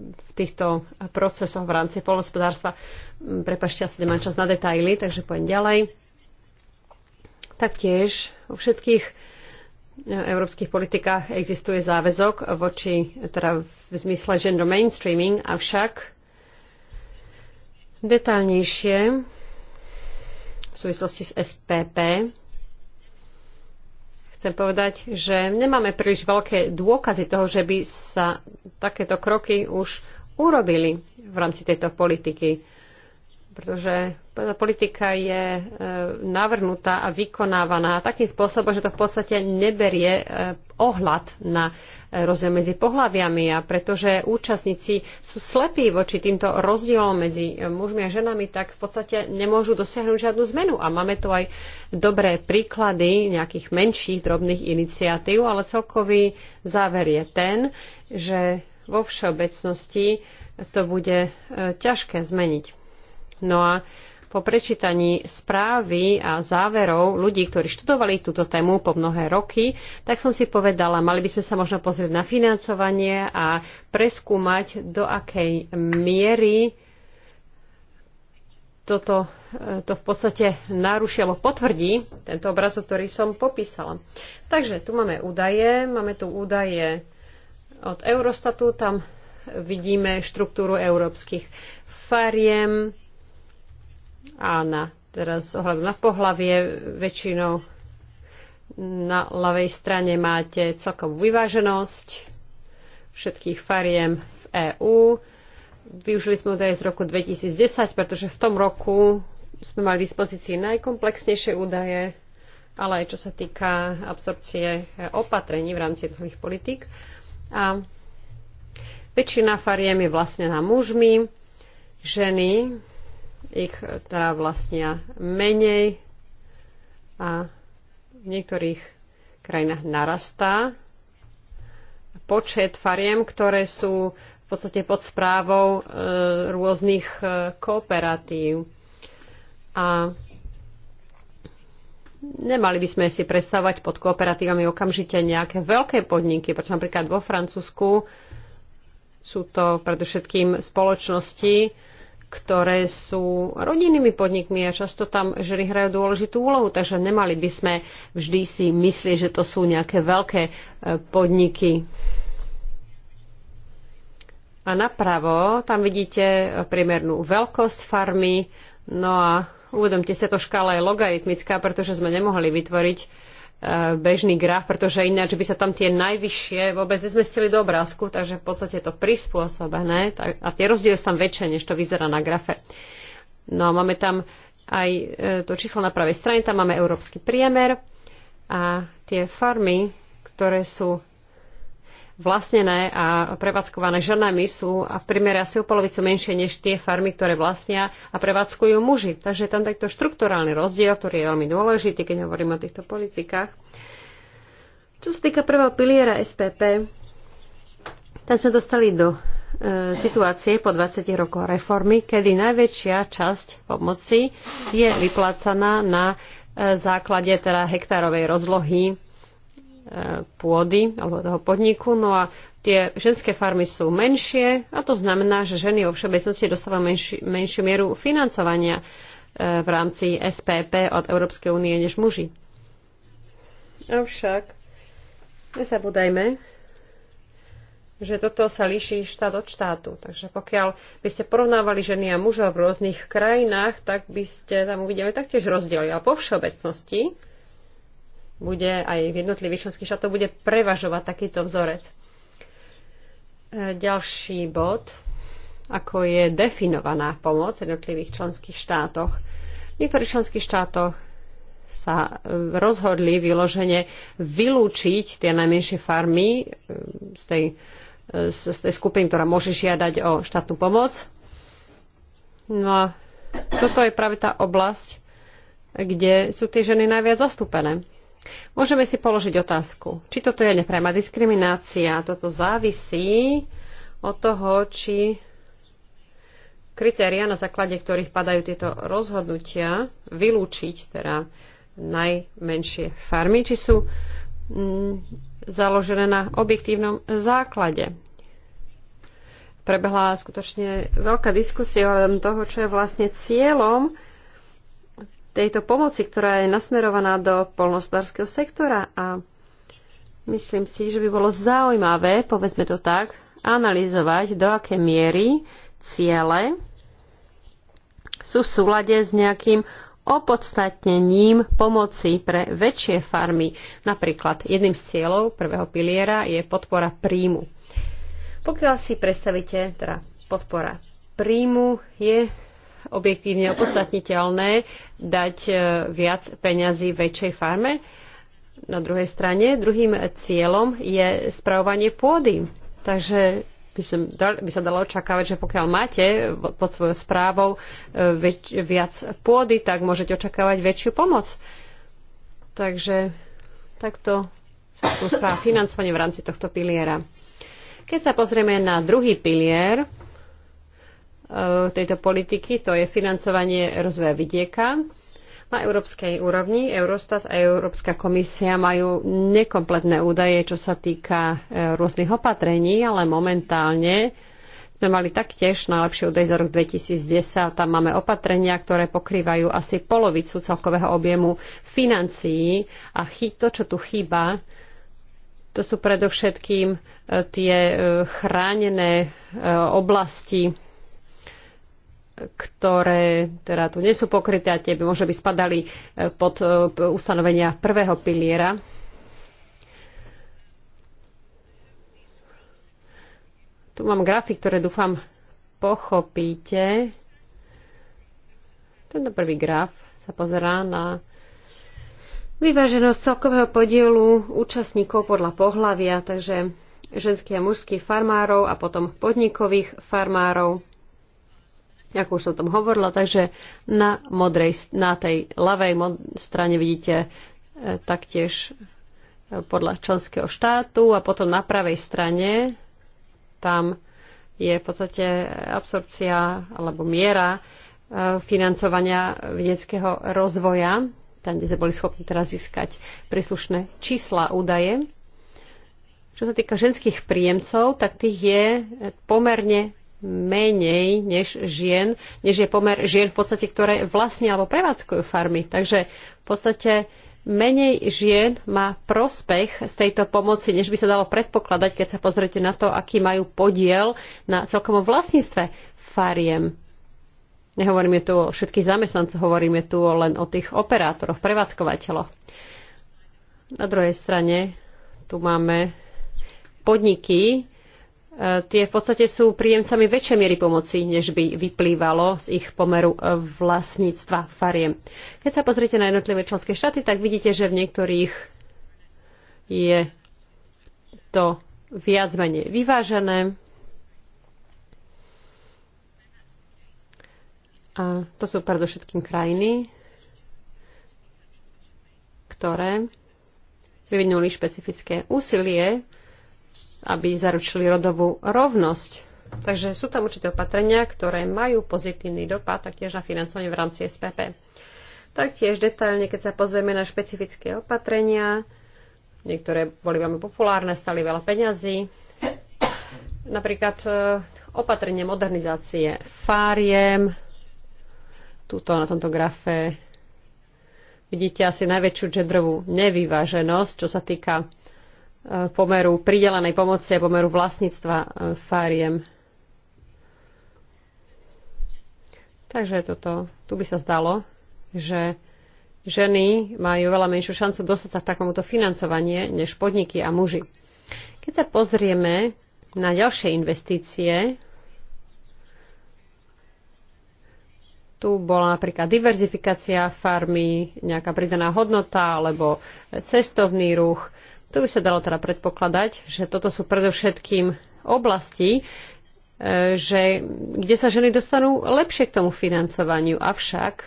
Speaker 1: v týchto procesoch v rámci polnospodárstva. Mm, prepašte, asi nemám čas na detaily, takže poďme ďalej. Taktiež u všetkých európskych politikách existuje záväzok voči, teda v zmysle gender mainstreaming, avšak detálnejšie v súvislosti s SPP chcem povedať, že nemáme príliš veľké dôkazy toho, že by sa takéto kroky už urobili v rámci tejto politiky pretože politika je e, navrhnutá a vykonávaná takým spôsobom, že to v podstate neberie e, ohľad na e, rozdiel medzi pohľaviami a pretože účastníci sú slepí voči týmto rozdielom medzi mužmi a ženami, tak v podstate nemôžu dosiahnuť žiadnu zmenu. A máme tu aj dobré príklady nejakých menších drobných iniciatív, ale celkový záver je ten, že vo všeobecnosti to bude ťažké zmeniť. No a po prečítaní správy a záverov ľudí, ktorí študovali túto tému po mnohé roky, tak som si povedala, mali by sme sa možno pozrieť na financovanie a preskúmať, do akej miery toto e, to v podstate narušia, alebo potvrdí tento obraz, ktorý som popísala. Takže tu máme údaje, máme tu údaje od Eurostatu, tam vidíme štruktúru európskych fariem, a na teraz ohľadu na pohlavie väčšinou na ľavej strane máte celkovú vyváženosť všetkých fariem v EÚ. Využili sme údaje teda z roku 2010, pretože v tom roku sme mali v dispozícii najkomplexnejšie údaje, ale aj čo sa týka absorpcie opatrení v rámci jednotlivých politík. A väčšina fariem je vlastne na mužmi, ženy ich e, teda vlastnia menej a v niektorých krajinách narastá počet fariem, ktoré sú v podstate pod správou e, rôznych e, kooperatív. A nemali by sme si predstavovať pod kooperatívami okamžite nejaké veľké podniky, pretože napríklad vo Francúzsku sú to predovšetkým spoločnosti, ktoré sú rodinnými podnikmi a často tam žry hrajú dôležitú úlohu, takže nemali by sme vždy si myslieť, že to sú nejaké veľké e, podniky. A napravo tam vidíte e, priemernú veľkosť farmy, no a uvedomte sa, to škála je logaritmická, pretože sme nemohli vytvoriť bežný graf, pretože ináč by sa tam tie najvyššie vôbec nezmestili do obrázku, takže v podstate je to prispôsobené a tie rozdiely sú tam väčšie, než to vyzerá na grafe. No a máme tam aj e, to číslo na pravej strane, tam máme európsky priemer a tie farmy, ktoré sú vlastnené a prevádzkované ženami sú a v priemere asi o polovicu menšie než tie farmy, ktoré vlastnia a prevádzkujú muži. Takže je tam takto štruktúrálny rozdiel, ktorý je veľmi dôležitý, keď hovoríme o týchto politikách. Čo sa týka prvého piliera SPP, tam sme dostali do e, situácie po 20 rokoch reformy, kedy najväčšia časť pomoci je vyplácaná na e, základe teda hektárovej rozlohy E, pôdy alebo toho podniku. No a tie ženské farmy sú menšie a to znamená, že ženy vo všeobecnosti dostávajú menši, menšiu mieru financovania e, v rámci SPP od Európskej únie než muži. Avšak nezabúdajme, že toto sa líši štát od štátu. Takže pokiaľ by ste porovnávali ženy a mužov v rôznych krajinách, tak by ste tam uvideli taktiež rozdiely. A po všeobecnosti bude aj v jednotlivých členských štátoch bude prevažovať takýto vzorec. E, ďalší bod, ako je definovaná pomoc v jednotlivých členských štátoch. V niektorých členských štátoch sa e, rozhodli vyložene vylúčiť tie najmenšie farmy e, z tej, z tej skupiny, ktorá môže žiadať o štátnu pomoc. No a toto je práve tá oblasť, kde sú tie ženy najviac zastúpené. Môžeme si položiť otázku, či toto je nepriama diskriminácia. Toto závisí od toho, či kritéria, na základe ktorých padajú tieto rozhodnutia, vylúčiť teda najmenšie farmy, či sú mm, založené na objektívnom základe. Prebehla skutočne veľká diskusia o toho, čo je vlastne cieľom tejto pomoci, ktorá je nasmerovaná do polnospodárskeho sektora a myslím si, že by bolo zaujímavé, povedzme to tak, analyzovať, do aké miery ciele sú v súlade s nejakým opodstatnením pomoci pre väčšie farmy. Napríklad jedným z cieľov prvého piliera je podpora príjmu. Pokiaľ si predstavíte, teda podpora príjmu je objektívne opodstatniteľné dať e, viac peňazí väčšej farme. Na druhej strane, druhým cieľom je spravovanie pôdy. Takže by, som, by sa dalo očakávať, že pokiaľ máte pod svojou správou e, väč, viac pôdy, tak môžete očakávať väčšiu pomoc. Takže takto sa tu správa financovanie v rámci tohto piliera. Keď sa pozrieme na druhý pilier, E, tejto politiky, to je financovanie rozvoja vidieka. Na európskej úrovni Eurostat a Európska komisia majú nekompletné údaje, čo sa týka e, rôznych opatrení, ale momentálne sme mali taktiež najlepšie údaje za rok 2010. Tam máme opatrenia, ktoré pokrývajú asi polovicu celkového objemu financií a to, čo tu chýba, to sú predovšetkým e, tie chránené oblasti ktoré teda tu nie sú pokryté a tie by možno by spadali e, pod e, ustanovenia prvého piliera. Tu mám grafy, ktoré dúfam pochopíte. Tento prvý graf sa pozerá na vyváženosť celkového podielu účastníkov podľa pohlavia, takže ženských a mužských farmárov a potom podnikových farmárov ako už som tom hovorila, takže na, modrej, na tej ľavej strane vidíte e, taktiež e, podľa členského štátu a potom na pravej strane tam je v podstate absorpcia alebo miera e, financovania vedeckého rozvoja, tam, kde sa boli schopní teraz získať príslušné čísla, údaje. Čo sa týka ženských príjemcov, tak tých je pomerne menej než žien, než je pomer žien v podstate, ktoré vlastnia alebo prevádzkujú farmy. Takže v podstate menej žien má prospech z tejto pomoci, než by sa dalo predpokladať, keď sa pozriete na to, aký majú podiel na celkovom vlastníctve fariem. Nehovoríme tu o všetkých zamestnancoch, hovoríme tu len o tých operátoroch, prevádzkovateľoch. Na druhej strane tu máme podniky, E, tie v podstate sú príjemcami väčšej miery pomoci, než by vyplývalo z ich pomeru e, vlastníctva fariem. Keď sa pozrite na jednotlivé členské štáty, tak vidíte, že v niektorých je to viac menej vyvážené. A to sú predovšetkým krajiny, ktoré vyvinuli špecifické úsilie aby zaručili rodovú rovnosť. Takže sú tam určité opatrenia, ktoré majú pozitívny dopad taktiež na financovanie v rámci SPP. Taktiež detailne, keď sa pozrieme na špecifické opatrenia, niektoré boli veľmi populárne, stali veľa peňazí. Napríklad eh, opatrenie modernizácie fáriem. Tuto na tomto grafe vidíte asi najväčšiu džedrovú nevyváženosť, čo sa týka pomeru pridelenej pomoci a pomeru vlastníctva e, fariem. Takže toto, tu by sa zdalo, že ženy majú veľa menšiu šancu dostať sa k takomuto financovanie než podniky a muži. Keď sa pozrieme na ďalšie investície, tu bola napríklad diverzifikácia farmy, nejaká pridaná hodnota alebo cestovný ruch. Tu by sa dalo teda predpokladať, že toto sú predovšetkým oblasti, e, že, kde sa ženy dostanú lepšie k tomu financovaniu. Avšak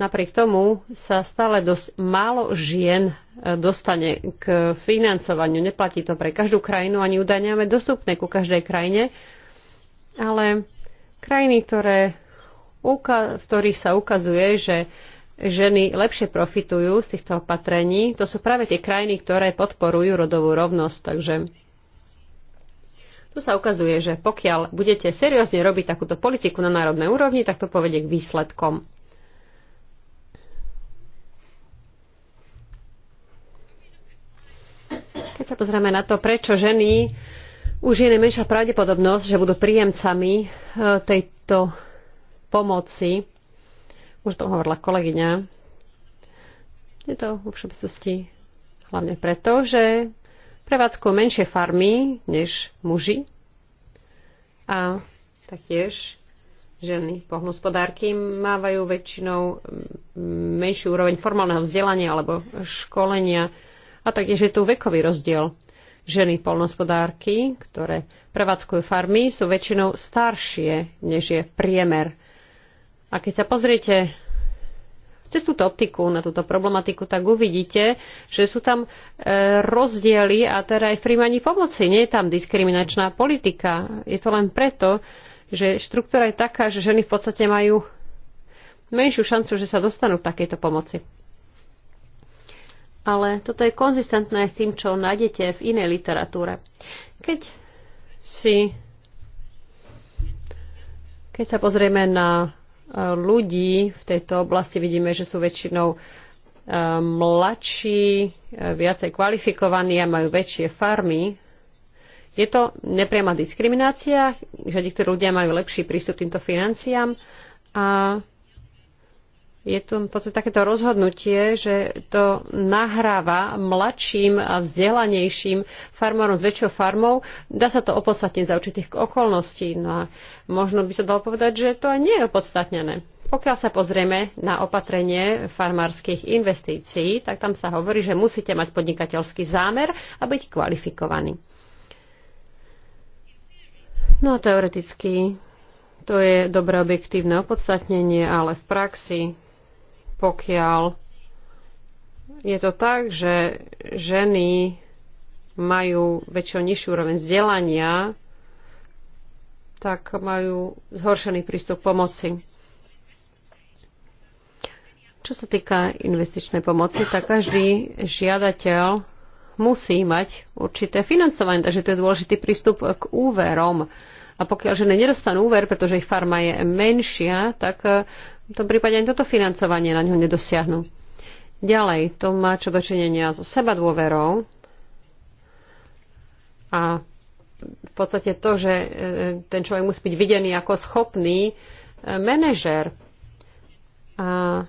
Speaker 1: napriek tomu sa stále dosť málo žien e, dostane k financovaniu. Neplatí to pre každú krajinu, ani údajne máme dostupné ku každej krajine, ale krajiny, ktoré, v ktorých sa ukazuje, že ženy lepšie profitujú z týchto opatrení. To sú práve tie krajiny, ktoré podporujú rodovú rovnosť. Takže tu sa ukazuje, že pokiaľ budete seriózne robiť takúto politiku na národnej úrovni, tak to povedie k výsledkom. Keď sa pozrieme na to, prečo ženy už je najmenšia pravdepodobnosť, že budú príjemcami e, tejto pomoci, už to hovorila kolegyňa. Je to v všeobecnosti hlavne preto, že prevádzkujú menšie farmy než muži a taktiež ženy pohnospodárky mávajú väčšinou menšiu úroveň formálneho vzdelania alebo školenia a taktiež je tu vekový rozdiel. Ženy polnospodárky, ktoré prevádzkujú farmy, sú väčšinou staršie, než je priemer a keď sa pozriete cez túto optiku na túto problematiku, tak uvidíte, že sú tam e, rozdiely a teda aj v príjmaní pomoci. Nie je tam diskriminačná politika. Je to len preto, že štruktúra je taká, že ženy v podstate majú menšiu šancu, že sa dostanú k takejto pomoci. Ale toto je konzistentné s tým, čo nájdete v inej literatúre. Keď si keď sa pozrieme na ľudí v tejto oblasti. Vidíme, že sú väčšinou e, mladší, e, viacej kvalifikovaní a majú väčšie farmy. Je to nepriama diskriminácia, že niektorí ľudia majú lepší prístup k týmto financiám a je to v podstate takéto rozhodnutie, že to nahráva mladším a vzdelanejším farmárom s väčšou farmou. Dá sa to opodstatniť za určitých okolností. No a možno by sa dalo povedať, že to aj nie je opodstatnené. Pokiaľ sa pozrieme na opatrenie farmárskych investícií, tak tam sa hovorí, že musíte mať podnikateľský zámer a byť kvalifikovaný. No a teoreticky to je dobré objektívne opodstatnenie, ale v praxi pokiaľ je to tak, že ženy majú väčšiu nižšiu úroveň vzdelania, tak majú zhoršený prístup pomoci. Čo sa týka investičnej pomoci, tak každý žiadateľ musí mať určité financovanie, takže to je dôležitý prístup k úverom. A pokiaľ ženy nedostanú úver, pretože ich farma je menšia, tak v tom prípade ani toto financovanie na ňu nedosiahnu. Ďalej, to má čo dočinenia so seba dôverou a v podstate to, že e, ten človek musí byť videný ako schopný e, manažer. A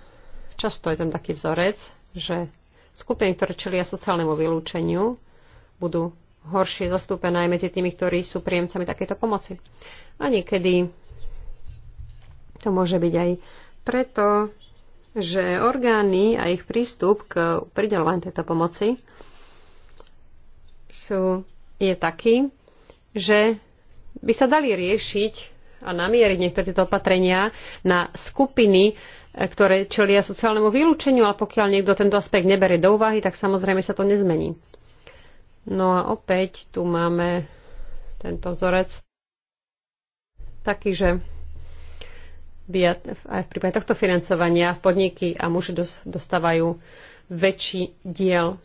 Speaker 1: často je tam taký vzorec, že skupiny, ktoré čelia sociálnemu vylúčeniu, budú horšie zastúpené aj medzi tými, ktorí sú príjemcami takéto pomoci. A niekedy to môže byť aj preto, že orgány a ich prístup k pridelovaniu tejto pomoci sú, je taký, že by sa dali riešiť a namieriť niektoré tieto opatrenia na skupiny, e, ktoré čelia sociálnemu vylúčeniu, ale pokiaľ niekto tento aspekt neberie do úvahy, tak samozrejme sa to nezmení. No a opäť tu máme tento vzorec taký, že aj v prípade tohto financovania podniky a muži dostávajú väčší diel.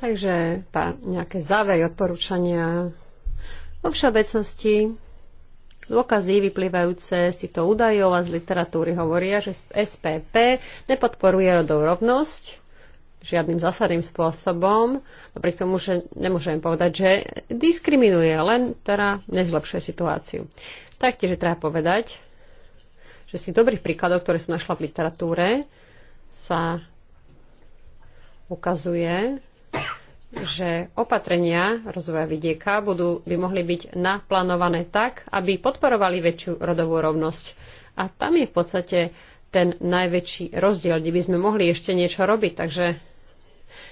Speaker 1: Takže pár nejaké závery, odporúčania. Vo všeobecnosti dôkazy vyplývajúce si to údajov a z literatúry hovoria, že SPP nepodporuje rodovú rovnosť, žiadnym zásadným spôsobom, napriek tomu, že nemôžem povedať, že diskriminuje, len teda nezlepšuje situáciu. Taktiež treba povedať, že z tých dobrých príkladov, ktoré som našla v literatúre, sa ukazuje, že opatrenia rozvoja vidieka budú, by mohli byť naplánované tak, aby podporovali väčšiu rodovú rovnosť. A tam je v podstate ten najväčší rozdiel, kde by sme mohli ešte niečo robiť. Takže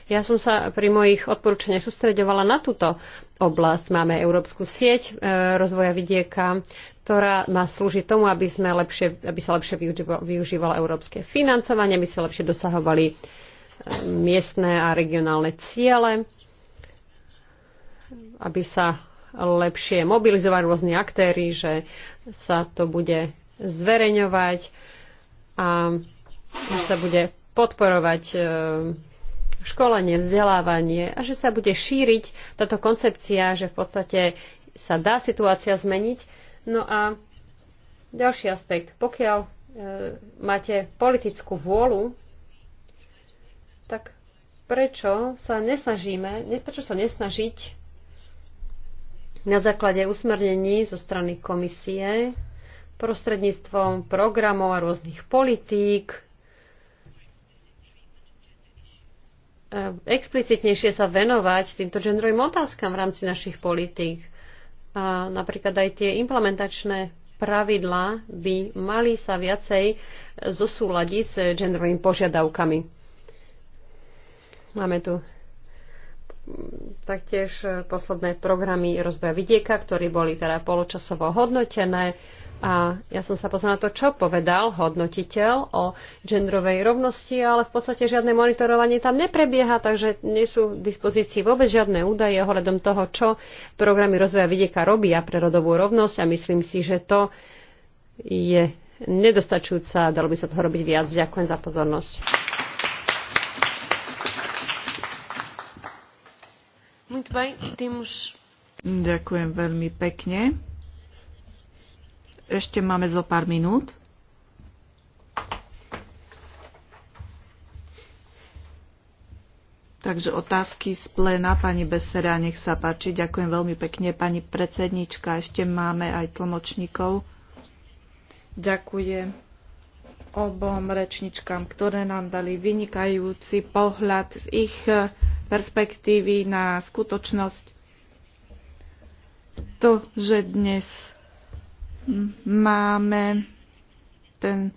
Speaker 1: ja som sa pri mojich odporúčaniach sústreďovala na túto oblasť. Máme Európsku sieť e, rozvoja vidieka, ktorá má slúžiť tomu, aby, sme lepšie, aby sa lepšie využívalo európske financovanie, aby sa lepšie dosahovali e, miestne a regionálne ciele, aby sa lepšie mobilizovať rôzni aktéry, že sa to bude zverejňovať a že sa bude podporovať e, školenie, vzdelávanie a že sa bude šíriť táto koncepcia, že v podstate sa dá situácia zmeniť. No a ďalší aspekt. Pokiaľ e, máte politickú vôľu, tak prečo sa nesnažíme, prečo sa nesnažiť na základe usmernení zo strany komisie prostredníctvom programov a rôznych politík E, explicitnejšie sa venovať týmto genderovým otázkam v rámci našich politík. A napríklad aj tie implementačné pravidlá by mali sa viacej zosúľadiť s genderovými požiadavkami. Máme tu taktiež e, posledné programy rozvoja vidieka, ktoré boli teda poločasovo hodnotené. A ja som sa pozrela na to, čo povedal hodnotiteľ o genderovej rovnosti, ale v podstate žiadne monitorovanie tam neprebieha, takže nie sú v dispozícii vôbec žiadne údaje ohľadom toho, čo programy rozvoja vidieka robia pre rodovú rovnosť a myslím si, že to je nedostačujúca, dalo by sa toho robiť viac. Ďakujem za pozornosť. Muito bem, temos...
Speaker 2: Ďakujem veľmi pekne. Ešte máme zo pár minút. Takže otázky z pléna. Pani Besera, nech sa páči. Ďakujem veľmi pekne, pani predsednička. Ešte máme aj tlmočníkov. Ďakujem obom rečničkám, ktoré nám dali vynikajúci pohľad z ich perspektívy, na skutočnosť. To, že dnes máme ten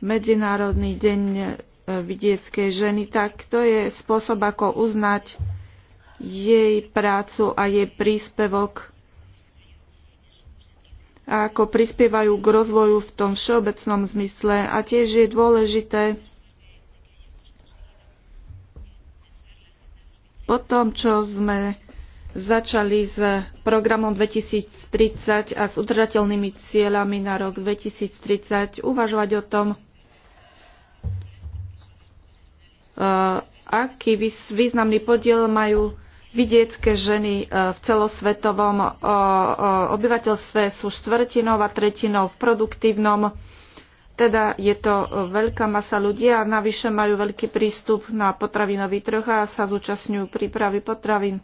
Speaker 2: Medzinárodný deň e, vidieckej ženy, tak to je spôsob, ako uznať jej prácu a jej príspevok a ako prispievajú k rozvoju v tom všeobecnom zmysle. A tiež je dôležité Po tom, čo sme začali s programom 2030 a s udržateľnými cieľami na rok 2030 uvažovať o tom, e, aký významný podiel majú vidiecké ženy e, v celosvetovom obyvateľstve. Sú štvrtinou a tretinou v produktívnom teda je to e, veľká masa ľudí a navyše majú veľký prístup na potravinový trh a sa zúčastňujú prípravy potravín.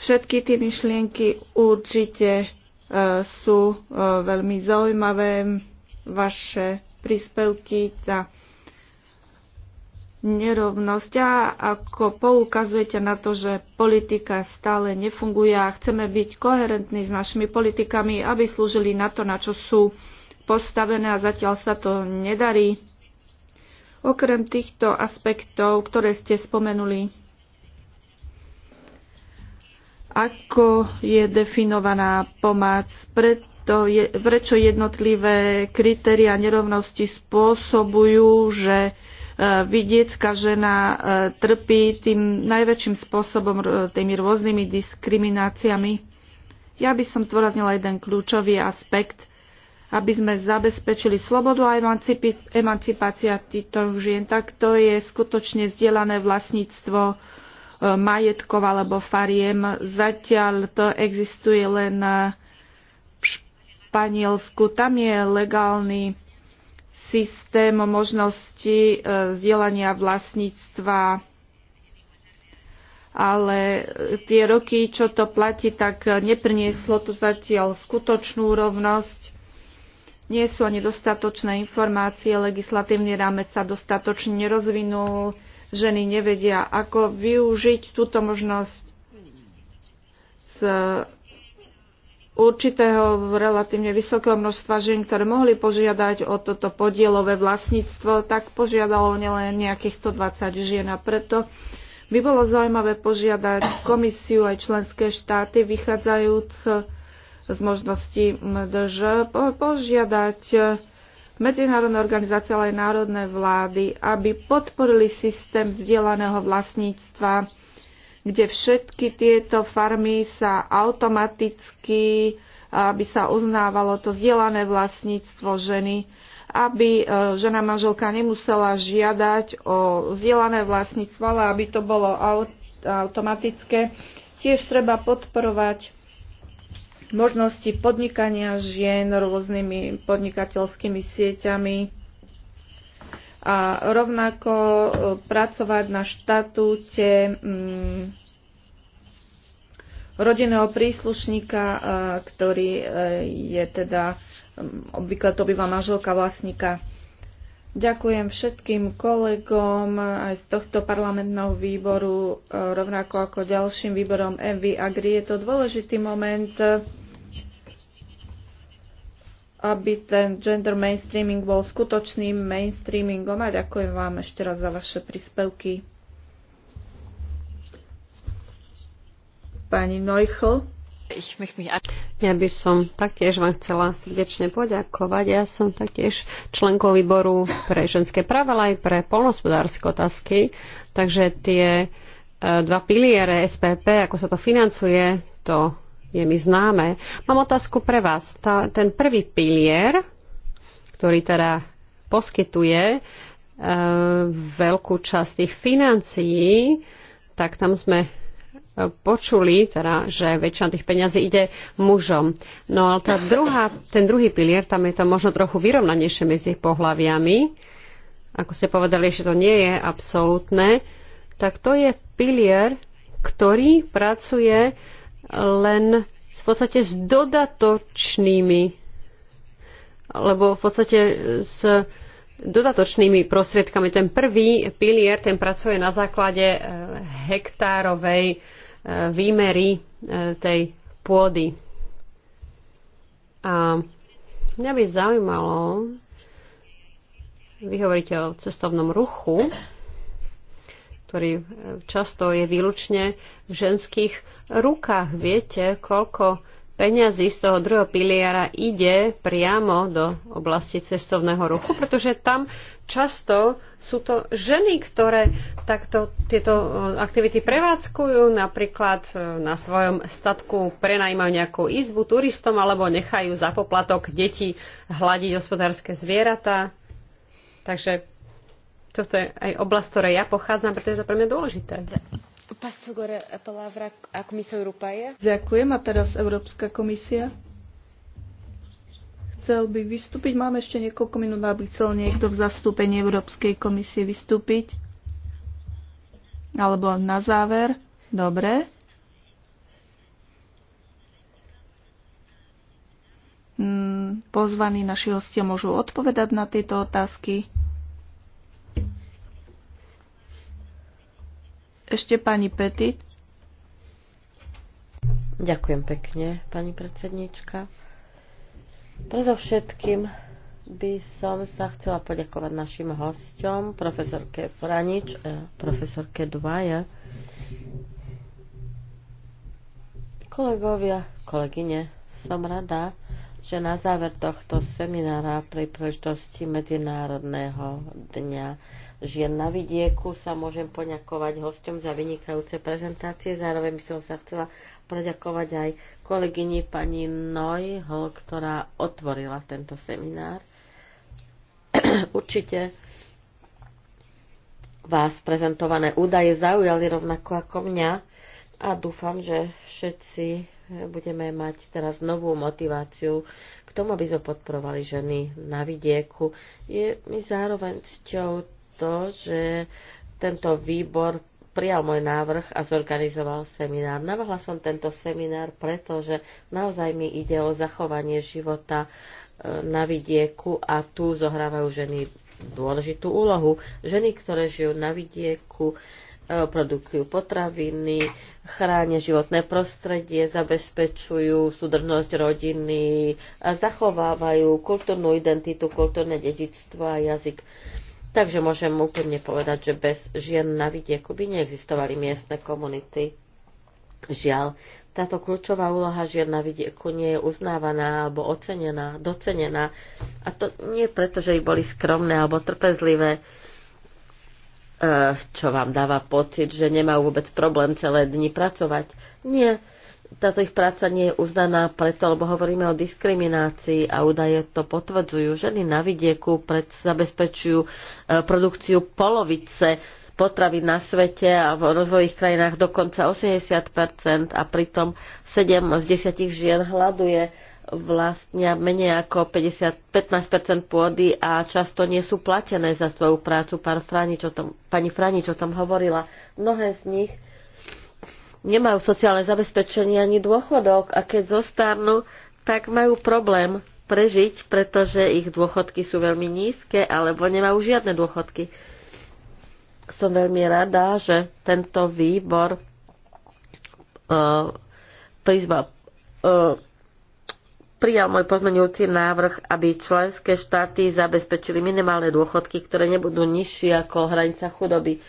Speaker 2: Všetky tie myšlienky určite e, sú e, veľmi zaujímavé. Vaše príspevky na nerovnosť a ako poukazujete na to, že politika stále nefunguje a chceme byť koherentní s našimi politikami, aby slúžili na to, na čo sú postavené a zatiaľ sa to nedarí. Okrem týchto aspektov, ktoré ste spomenuli, ako je definovaná pomoc, preto je, prečo jednotlivé kritéria nerovnosti spôsobujú, že e, vidiecká žena e, trpí tým najväčším spôsobom, tými rôznymi diskrimináciami. Ja by som zdôraznila jeden kľúčový aspekt – aby sme zabezpečili slobodu a emancipácia týchto žien, tak to je skutočne zdieľané vlastníctvo e, majetkov alebo fariem. Zatiaľ to existuje len v Španielsku. Tam je legálny systém možnosti e, zdieľania vlastníctva ale tie roky, čo to platí, tak neprinieslo to zatiaľ skutočnú rovnosť nie sú ani dostatočné informácie, legislatívny rámec sa dostatočne nerozvinul, ženy nevedia, ako využiť túto možnosť z určitého relatívne vysokého množstva žien, ktoré mohli požiadať o toto podielové vlastníctvo, tak požiadalo nielen nejakých 120 žien a preto by bolo zaujímavé požiadať komisiu aj členské štáty vychádzajúc z možností MDŽ požiadať eh, medzinárodné organizácie, ale aj národné vlády, aby podporili systém vzdielaného vlastníctva, kde všetky tieto farmy sa automaticky, aby sa uznávalo to vzdielané vlastníctvo ženy, aby eh, žena manželka nemusela žiadať o vzdielané vlastníctvo, ale aby to bolo automatické. Tiež treba podporovať možnosti podnikania žien rôznymi podnikateľskými sieťami a rovnako e, pracovať na štatúte mm, rodinného príslušníka, e, ktorý e, je teda, obvykle to býva manželka vlastníka. Ďakujem všetkým kolegom aj z tohto parlamentného výboru, rovnako ako ďalším výborom MV Agri. Je to dôležitý moment aby ten gender mainstreaming bol skutočným mainstreamingom a ďakujem vám ešte raz za vaše príspevky. Pani
Speaker 1: Neuchl. Ja by som taktiež vám chcela srdečne poďakovať. Ja som taktiež členkou výboru pre ženské práva, ale aj pre polnospodárske otázky. Takže tie e, dva piliere SPP, ako sa to financuje, to je mi známe. Mám otázku pre vás. Tá, ten prvý pilier, ktorý teda poskytuje e, veľkú časť tých financií, tak tam sme e, počuli, teda, že väčšina tých peňazí ide mužom. No ale tá druhá, ten druhý pilier, tam je to možno trochu vyrovnanejšie medzi pohľaviami. Ako ste povedali, že to nie je absolútne, tak to je pilier, ktorý pracuje len v podstate s dodatočnými lebo v podstate s dodatočnými prostriedkami. Ten prvý pilier, ten pracuje na základe eh, hektárovej eh, výmery eh, tej pôdy. A mňa by zaujímalo, vy hovoríte o cestovnom ruchu, ktorý e, často je výlučne v ženských rukách. Viete, koľko peňazí z toho druhého piliera ide priamo do oblasti cestovného ruchu, pretože tam často sú to ženy, ktoré takto tieto e, aktivity prevádzkujú, napríklad e, na svojom statku prenajímajú nejakú izbu turistom alebo nechajú za poplatok deti hľadiť hospodárske zvieratá. Takže toto je aj oblasť,
Speaker 2: ktoré ja pochádzam, pretože je to pre mňa dôležité. Eh, Ďakujem. A teraz Európska komisia. Chcel by vystúpiť. Máme ešte niekoľko minút, aby chcel niekto v zastúpení Európskej komisie vystúpiť. Alebo na záver. Dobre. Hmm, pozvaní naši hostia môžu odpovedať na tieto otázky. Ešte pani Pety.
Speaker 3: Ďakujem pekne,
Speaker 2: pani predsednička. Predovšetkým
Speaker 3: by som sa chcela poďakovať našim hosťom, profesorke Franič a profesorke Dvaja. Kolegovia, kolegyne, som rada, že na záver tohto seminára pri príležitosti Medzinárodného dňa žien na vidieku sa môžem poďakovať hosťom za vynikajúce prezentácie. Zároveň by som sa chcela poďakovať aj kolegyni pani Noj, ktorá otvorila tento seminár. [CLEARS THROAT] Určite vás prezentované údaje zaujali rovnako ako mňa a dúfam, že všetci budeme mať teraz novú motiváciu k tomu, aby sme podporovali ženy na vidieku. Je mi zároveň cťou to, že tento výbor prijal môj návrh a zorganizoval seminár. Navrhla som tento seminár, pretože naozaj mi ide o zachovanie života e, na vidieku a tu zohrávajú ženy dôležitú úlohu. Ženy, ktoré žijú na vidieku, e, produkujú potraviny, chránia životné prostredie, zabezpečujú súdržnosť rodiny, zachovávajú kultúrnu identitu, kultúrne dedičstvo a jazyk Takže môžem úplne povedať, že bez žien na vidieku by neexistovali miestne komunity. Žiaľ, táto kľúčová úloha žien na vidieku nie je uznávaná alebo ocenená, docenená. A to nie preto, že ich boli skromné alebo trpezlivé, eh, čo vám dáva pocit, že nemajú vôbec problém celé dni pracovať. Nie, táto ich práca nie je uznaná preto, lebo hovoríme o diskriminácii a údaje to potvrdzujú. Ženy na vidieku pred, zabezpečujú e, produkciu polovice potravy na svete a v rozvojových krajinách dokonca 80 a pritom 7 z 10 žien hľaduje vlastne menej ako 50, 15 pôdy a často nie sú platené za svoju prácu. Pán Franič o tom, pani Franič o tom hovorila. Mnohé z nich nemajú sociálne zabezpečenie ani dôchodok a keď zostarnú, tak majú problém prežiť, pretože ich dôchodky sú veľmi nízke alebo nemajú žiadne dôchodky. Som veľmi rada, že tento výbor uh, e, prizba, uh, e, prijal môj pozmenujúci návrh, aby členské štáty zabezpečili minimálne dôchodky, ktoré nebudú nižšie ako hranica chudoby.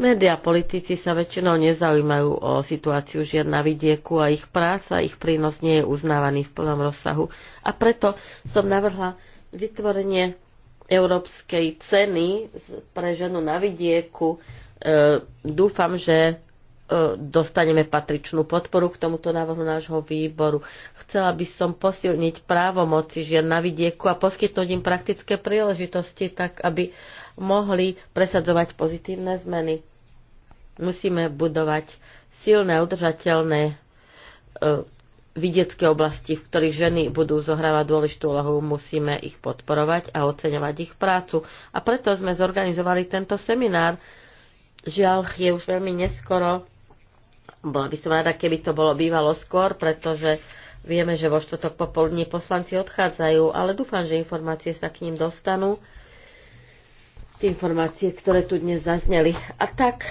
Speaker 3: Média politici sa väčšinou nezaujímajú o situáciu žien na vidieku a ich práca, ich prínos nie je uznávaný v plnom rozsahu. A preto som navrhla vytvorenie európskej ceny pre ženu na vidieku. E, dúfam, že E, dostaneme patričnú podporu k tomuto návrhu nášho výboru. Chcela by som posilniť právomoci žien na vidieku a poskytnúť im praktické príležitosti, tak aby mohli presadzovať pozitívne zmeny. Musíme budovať silné, udržateľné e, vidiecké oblasti, v ktorých ženy budú zohrávať dôležitú úlohu, musíme ich podporovať a oceňovať ich prácu. A preto sme zorganizovali tento seminár. Žiaľ, je už veľmi neskoro bola by som rada, keby to bolo bývalo skôr, pretože vieme, že vo štvrtok popoludní poslanci odchádzajú, ale dúfam, že informácie sa k ním dostanú. Tie informácie, ktoré tu dnes zazneli. A tak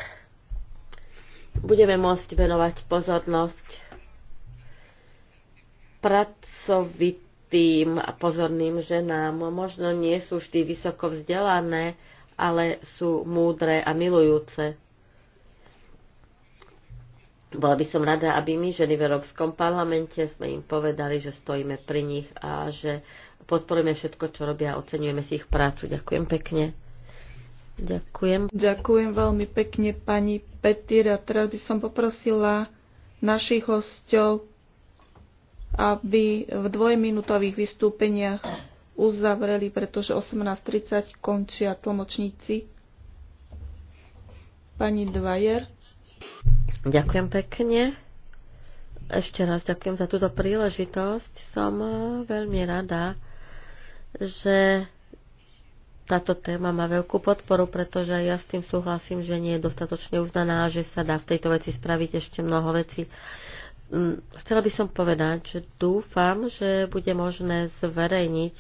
Speaker 3: budeme môcť venovať pozornosť pracovitým a pozorným ženám. Možno nie sú vždy vysoko vzdelané, ale sú múdre a milujúce. Bola by som rada, aby my, ženy v Európskom parlamente, sme im povedali, že stojíme pri nich a že podporujeme všetko,
Speaker 2: čo robia a oceňujeme si ich prácu. Ďakujem pekne.
Speaker 3: Ďakujem.
Speaker 2: Ďakujem veľmi pekne, pani Petir. A teraz by som poprosila našich hostov, aby v dvojminútových vystúpeniach uzavreli, pretože 18.30 končia tlmočníci. Pani Dvajer. Ďakujem pekne.
Speaker 3: Ešte raz ďakujem za túto príležitosť. Som e, veľmi rada, že táto téma má veľkú podporu, pretože ja s tým súhlasím, že nie je dostatočne uznaná, že sa dá v tejto veci spraviť ešte mnoho vecí. Mm, chcela by som povedať, že dúfam, že bude možné zverejniť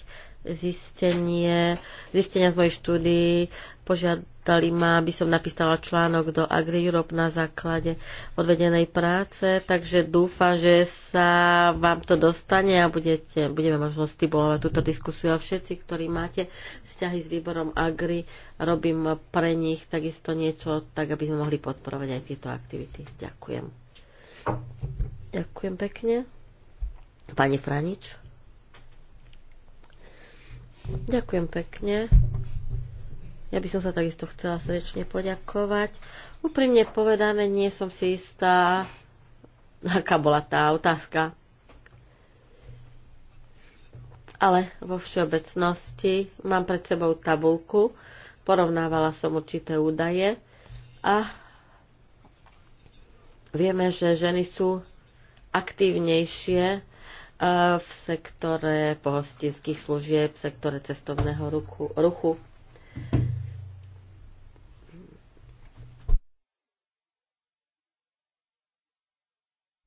Speaker 3: zistenie, zistenia z mojej štúdii požiadali ma, aby som napísala článok do Agri Europe na základe odvedenej práce, takže dúfam, že sa vám to dostane a budete, budeme možno stimulovať túto diskusiu a všetci, ktorí máte vzťahy s výborom Agri, robím pre nich takisto niečo, tak aby sme mohli podporovať aj tieto aktivity. Ďakujem. Ďakujem pekne. Pani Franič. Ďakujem pekne. Ja by som sa takisto chcela srdečne poďakovať. Úprimne povedané, nie som si istá, aká bola tá otázka. Ale vo všeobecnosti mám pred sebou tabulku, porovnávala som určité údaje a vieme, že ženy sú aktívnejšie v sektore pohostinských služieb, v sektore cestovného ruchu. ruchu.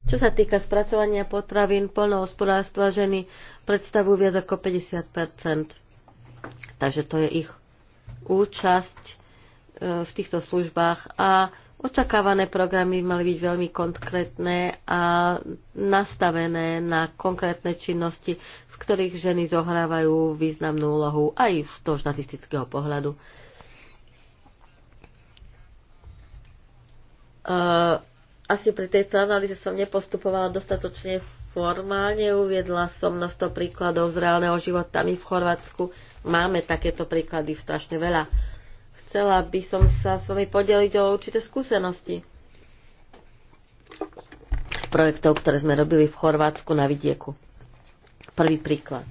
Speaker 3: Čo sa týka spracovania potravín, polnohospodárstva ženy predstavujú viac ako 50 Takže to je ich účasť e, v týchto službách a Očakávané programy mali byť veľmi konkrétne a nastavené na konkrétne činnosti, v ktorých ženy zohrávajú významnú úlohu aj z toho štatistického pohľadu. E, asi pri tejto analýze som nepostupovala dostatočne formálne, uviedla som množstvo príkladov z reálneho života. My v Chorvátsku máme takéto príklady strašne veľa. Chcela by som sa s vami podeliť o určité skúsenosti z projektov, ktoré sme robili v Chorvátsku na vidieku. Prvý príklad.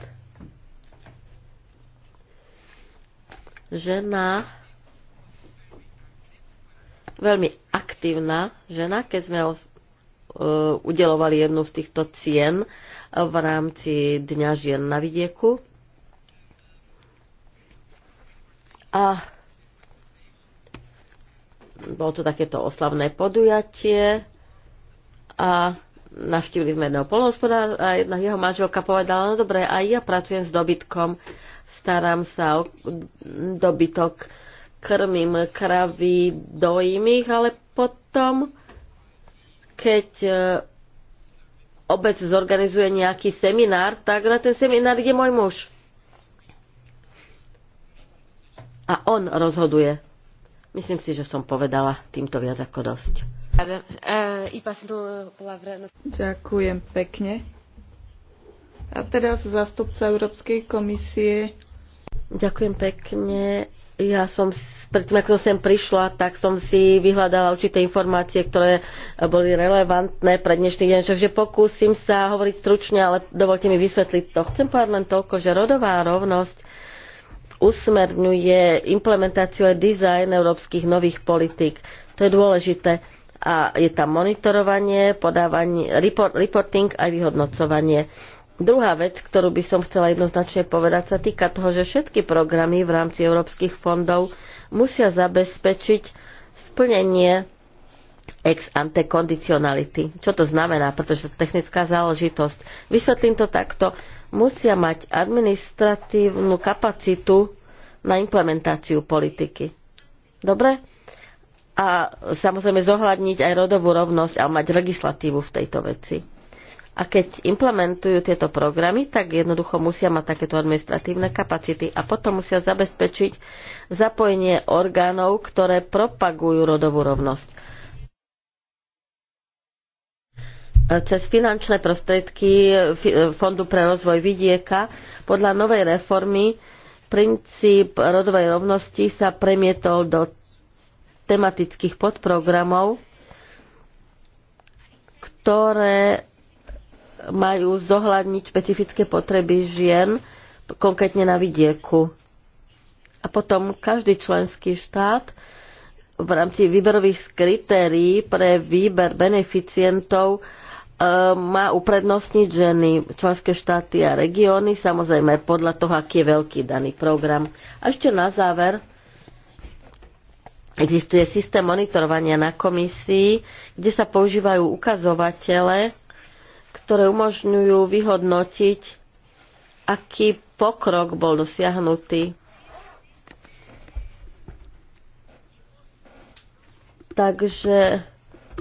Speaker 3: Žena, veľmi aktívna žena, keď sme e, udelovali jednu z týchto cien v rámci Dňa žien na vidieku. A bolo to takéto oslavné podujatie a navštívili sme jedného polnohospodára a jedna jeho manželka povedala, no dobre, aj ja pracujem s dobytkom, starám sa o dobytok, krmím kravy, dojím ich, ale potom, keď e, obec zorganizuje nejaký seminár, tak na ten seminár ide môj muž. A on rozhoduje Myslím si, že som povedala
Speaker 2: týmto viac ako dosť. Ďakujem pekne. A teraz zástupca Európskej komisie.
Speaker 3: Ďakujem pekne. Ja som, predtým ako som sem prišla, tak som si vyhľadala určité informácie, ktoré boli relevantné pre dnešný deň. Takže pokúsim sa hovoriť stručne, ale dovolte mi vysvetliť to. Chcem povedať len toľko, že rodová rovnosť usmerňuje implementáciu a dizajn európskych nových politík. To je dôležité. A je tam monitorovanie, podávanie, report, reporting aj vyhodnocovanie. Druhá vec, ktorú by som chcela jednoznačne povedať, sa týka toho, že všetky programy v rámci európskych fondov musia zabezpečiť splnenie ex ante kondicionality. Čo to znamená? Pretože to je technická záležitosť. Vysvetlím to takto musia mať administratívnu kapacitu na implementáciu politiky. Dobre? A samozrejme zohľadniť aj rodovú rovnosť a mať legislatívu v tejto veci. A keď implementujú tieto programy, tak jednoducho musia mať takéto administratívne kapacity a potom musia zabezpečiť zapojenie orgánov, ktoré propagujú rodovú rovnosť cez finančné prostriedky e, Fondu pre rozvoj vidieka. Podľa novej reformy princíp rodovej rovnosti sa premietol do tematických podprogramov, ktoré majú zohľadniť špecifické potreby žien, konkrétne na vidieku. A potom každý členský štát v rámci výberových kritérií pre výber beneficientov E, má uprednostniť ženy, členské štáty a regióny, samozrejme podľa toho, aký je veľký daný program. A ešte na záver, existuje systém monitorovania na komisii, kde sa používajú ukazovatele, ktoré umožňujú vyhodnotiť, aký pokrok bol dosiahnutý. Takže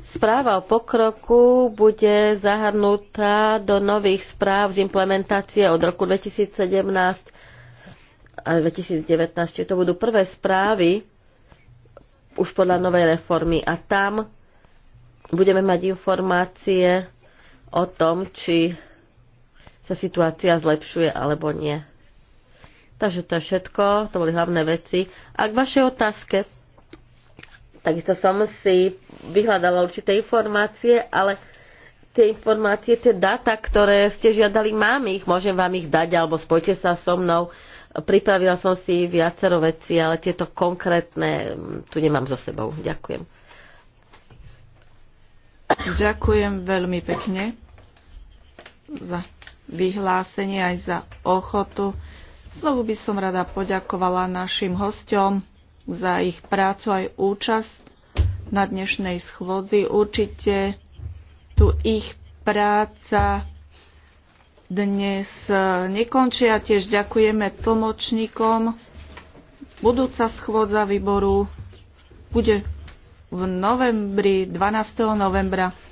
Speaker 3: Správa o pokroku bude zahrnutá do nových správ z implementácie od roku 2017 a 2019, čiže to budú prvé správy už podľa novej reformy a tam budeme mať informácie o tom, či sa situácia zlepšuje alebo nie. Takže to je všetko, to boli hlavné veci. A k vašej otázke, Takisto som si vyhľadala určité informácie, ale tie informácie, tie dáta, ktoré ste žiadali, mám ich, môžem vám ich dať, alebo spojte sa so mnou. Pripravila som si viacero veci, ale tieto konkrétne mm, tu nemám so sebou. Ďakujem.
Speaker 2: Ďakujem veľmi pekne za vyhlásenie aj za ochotu. Znovu by som rada poďakovala našim hostom za ich prácu aj účasť na dnešnej schôdzi. Určite tu ich práca dnes nekončia. Tiež ďakujeme tlmočníkom. Budúca schôdza výboru bude v novembri, 12. novembra.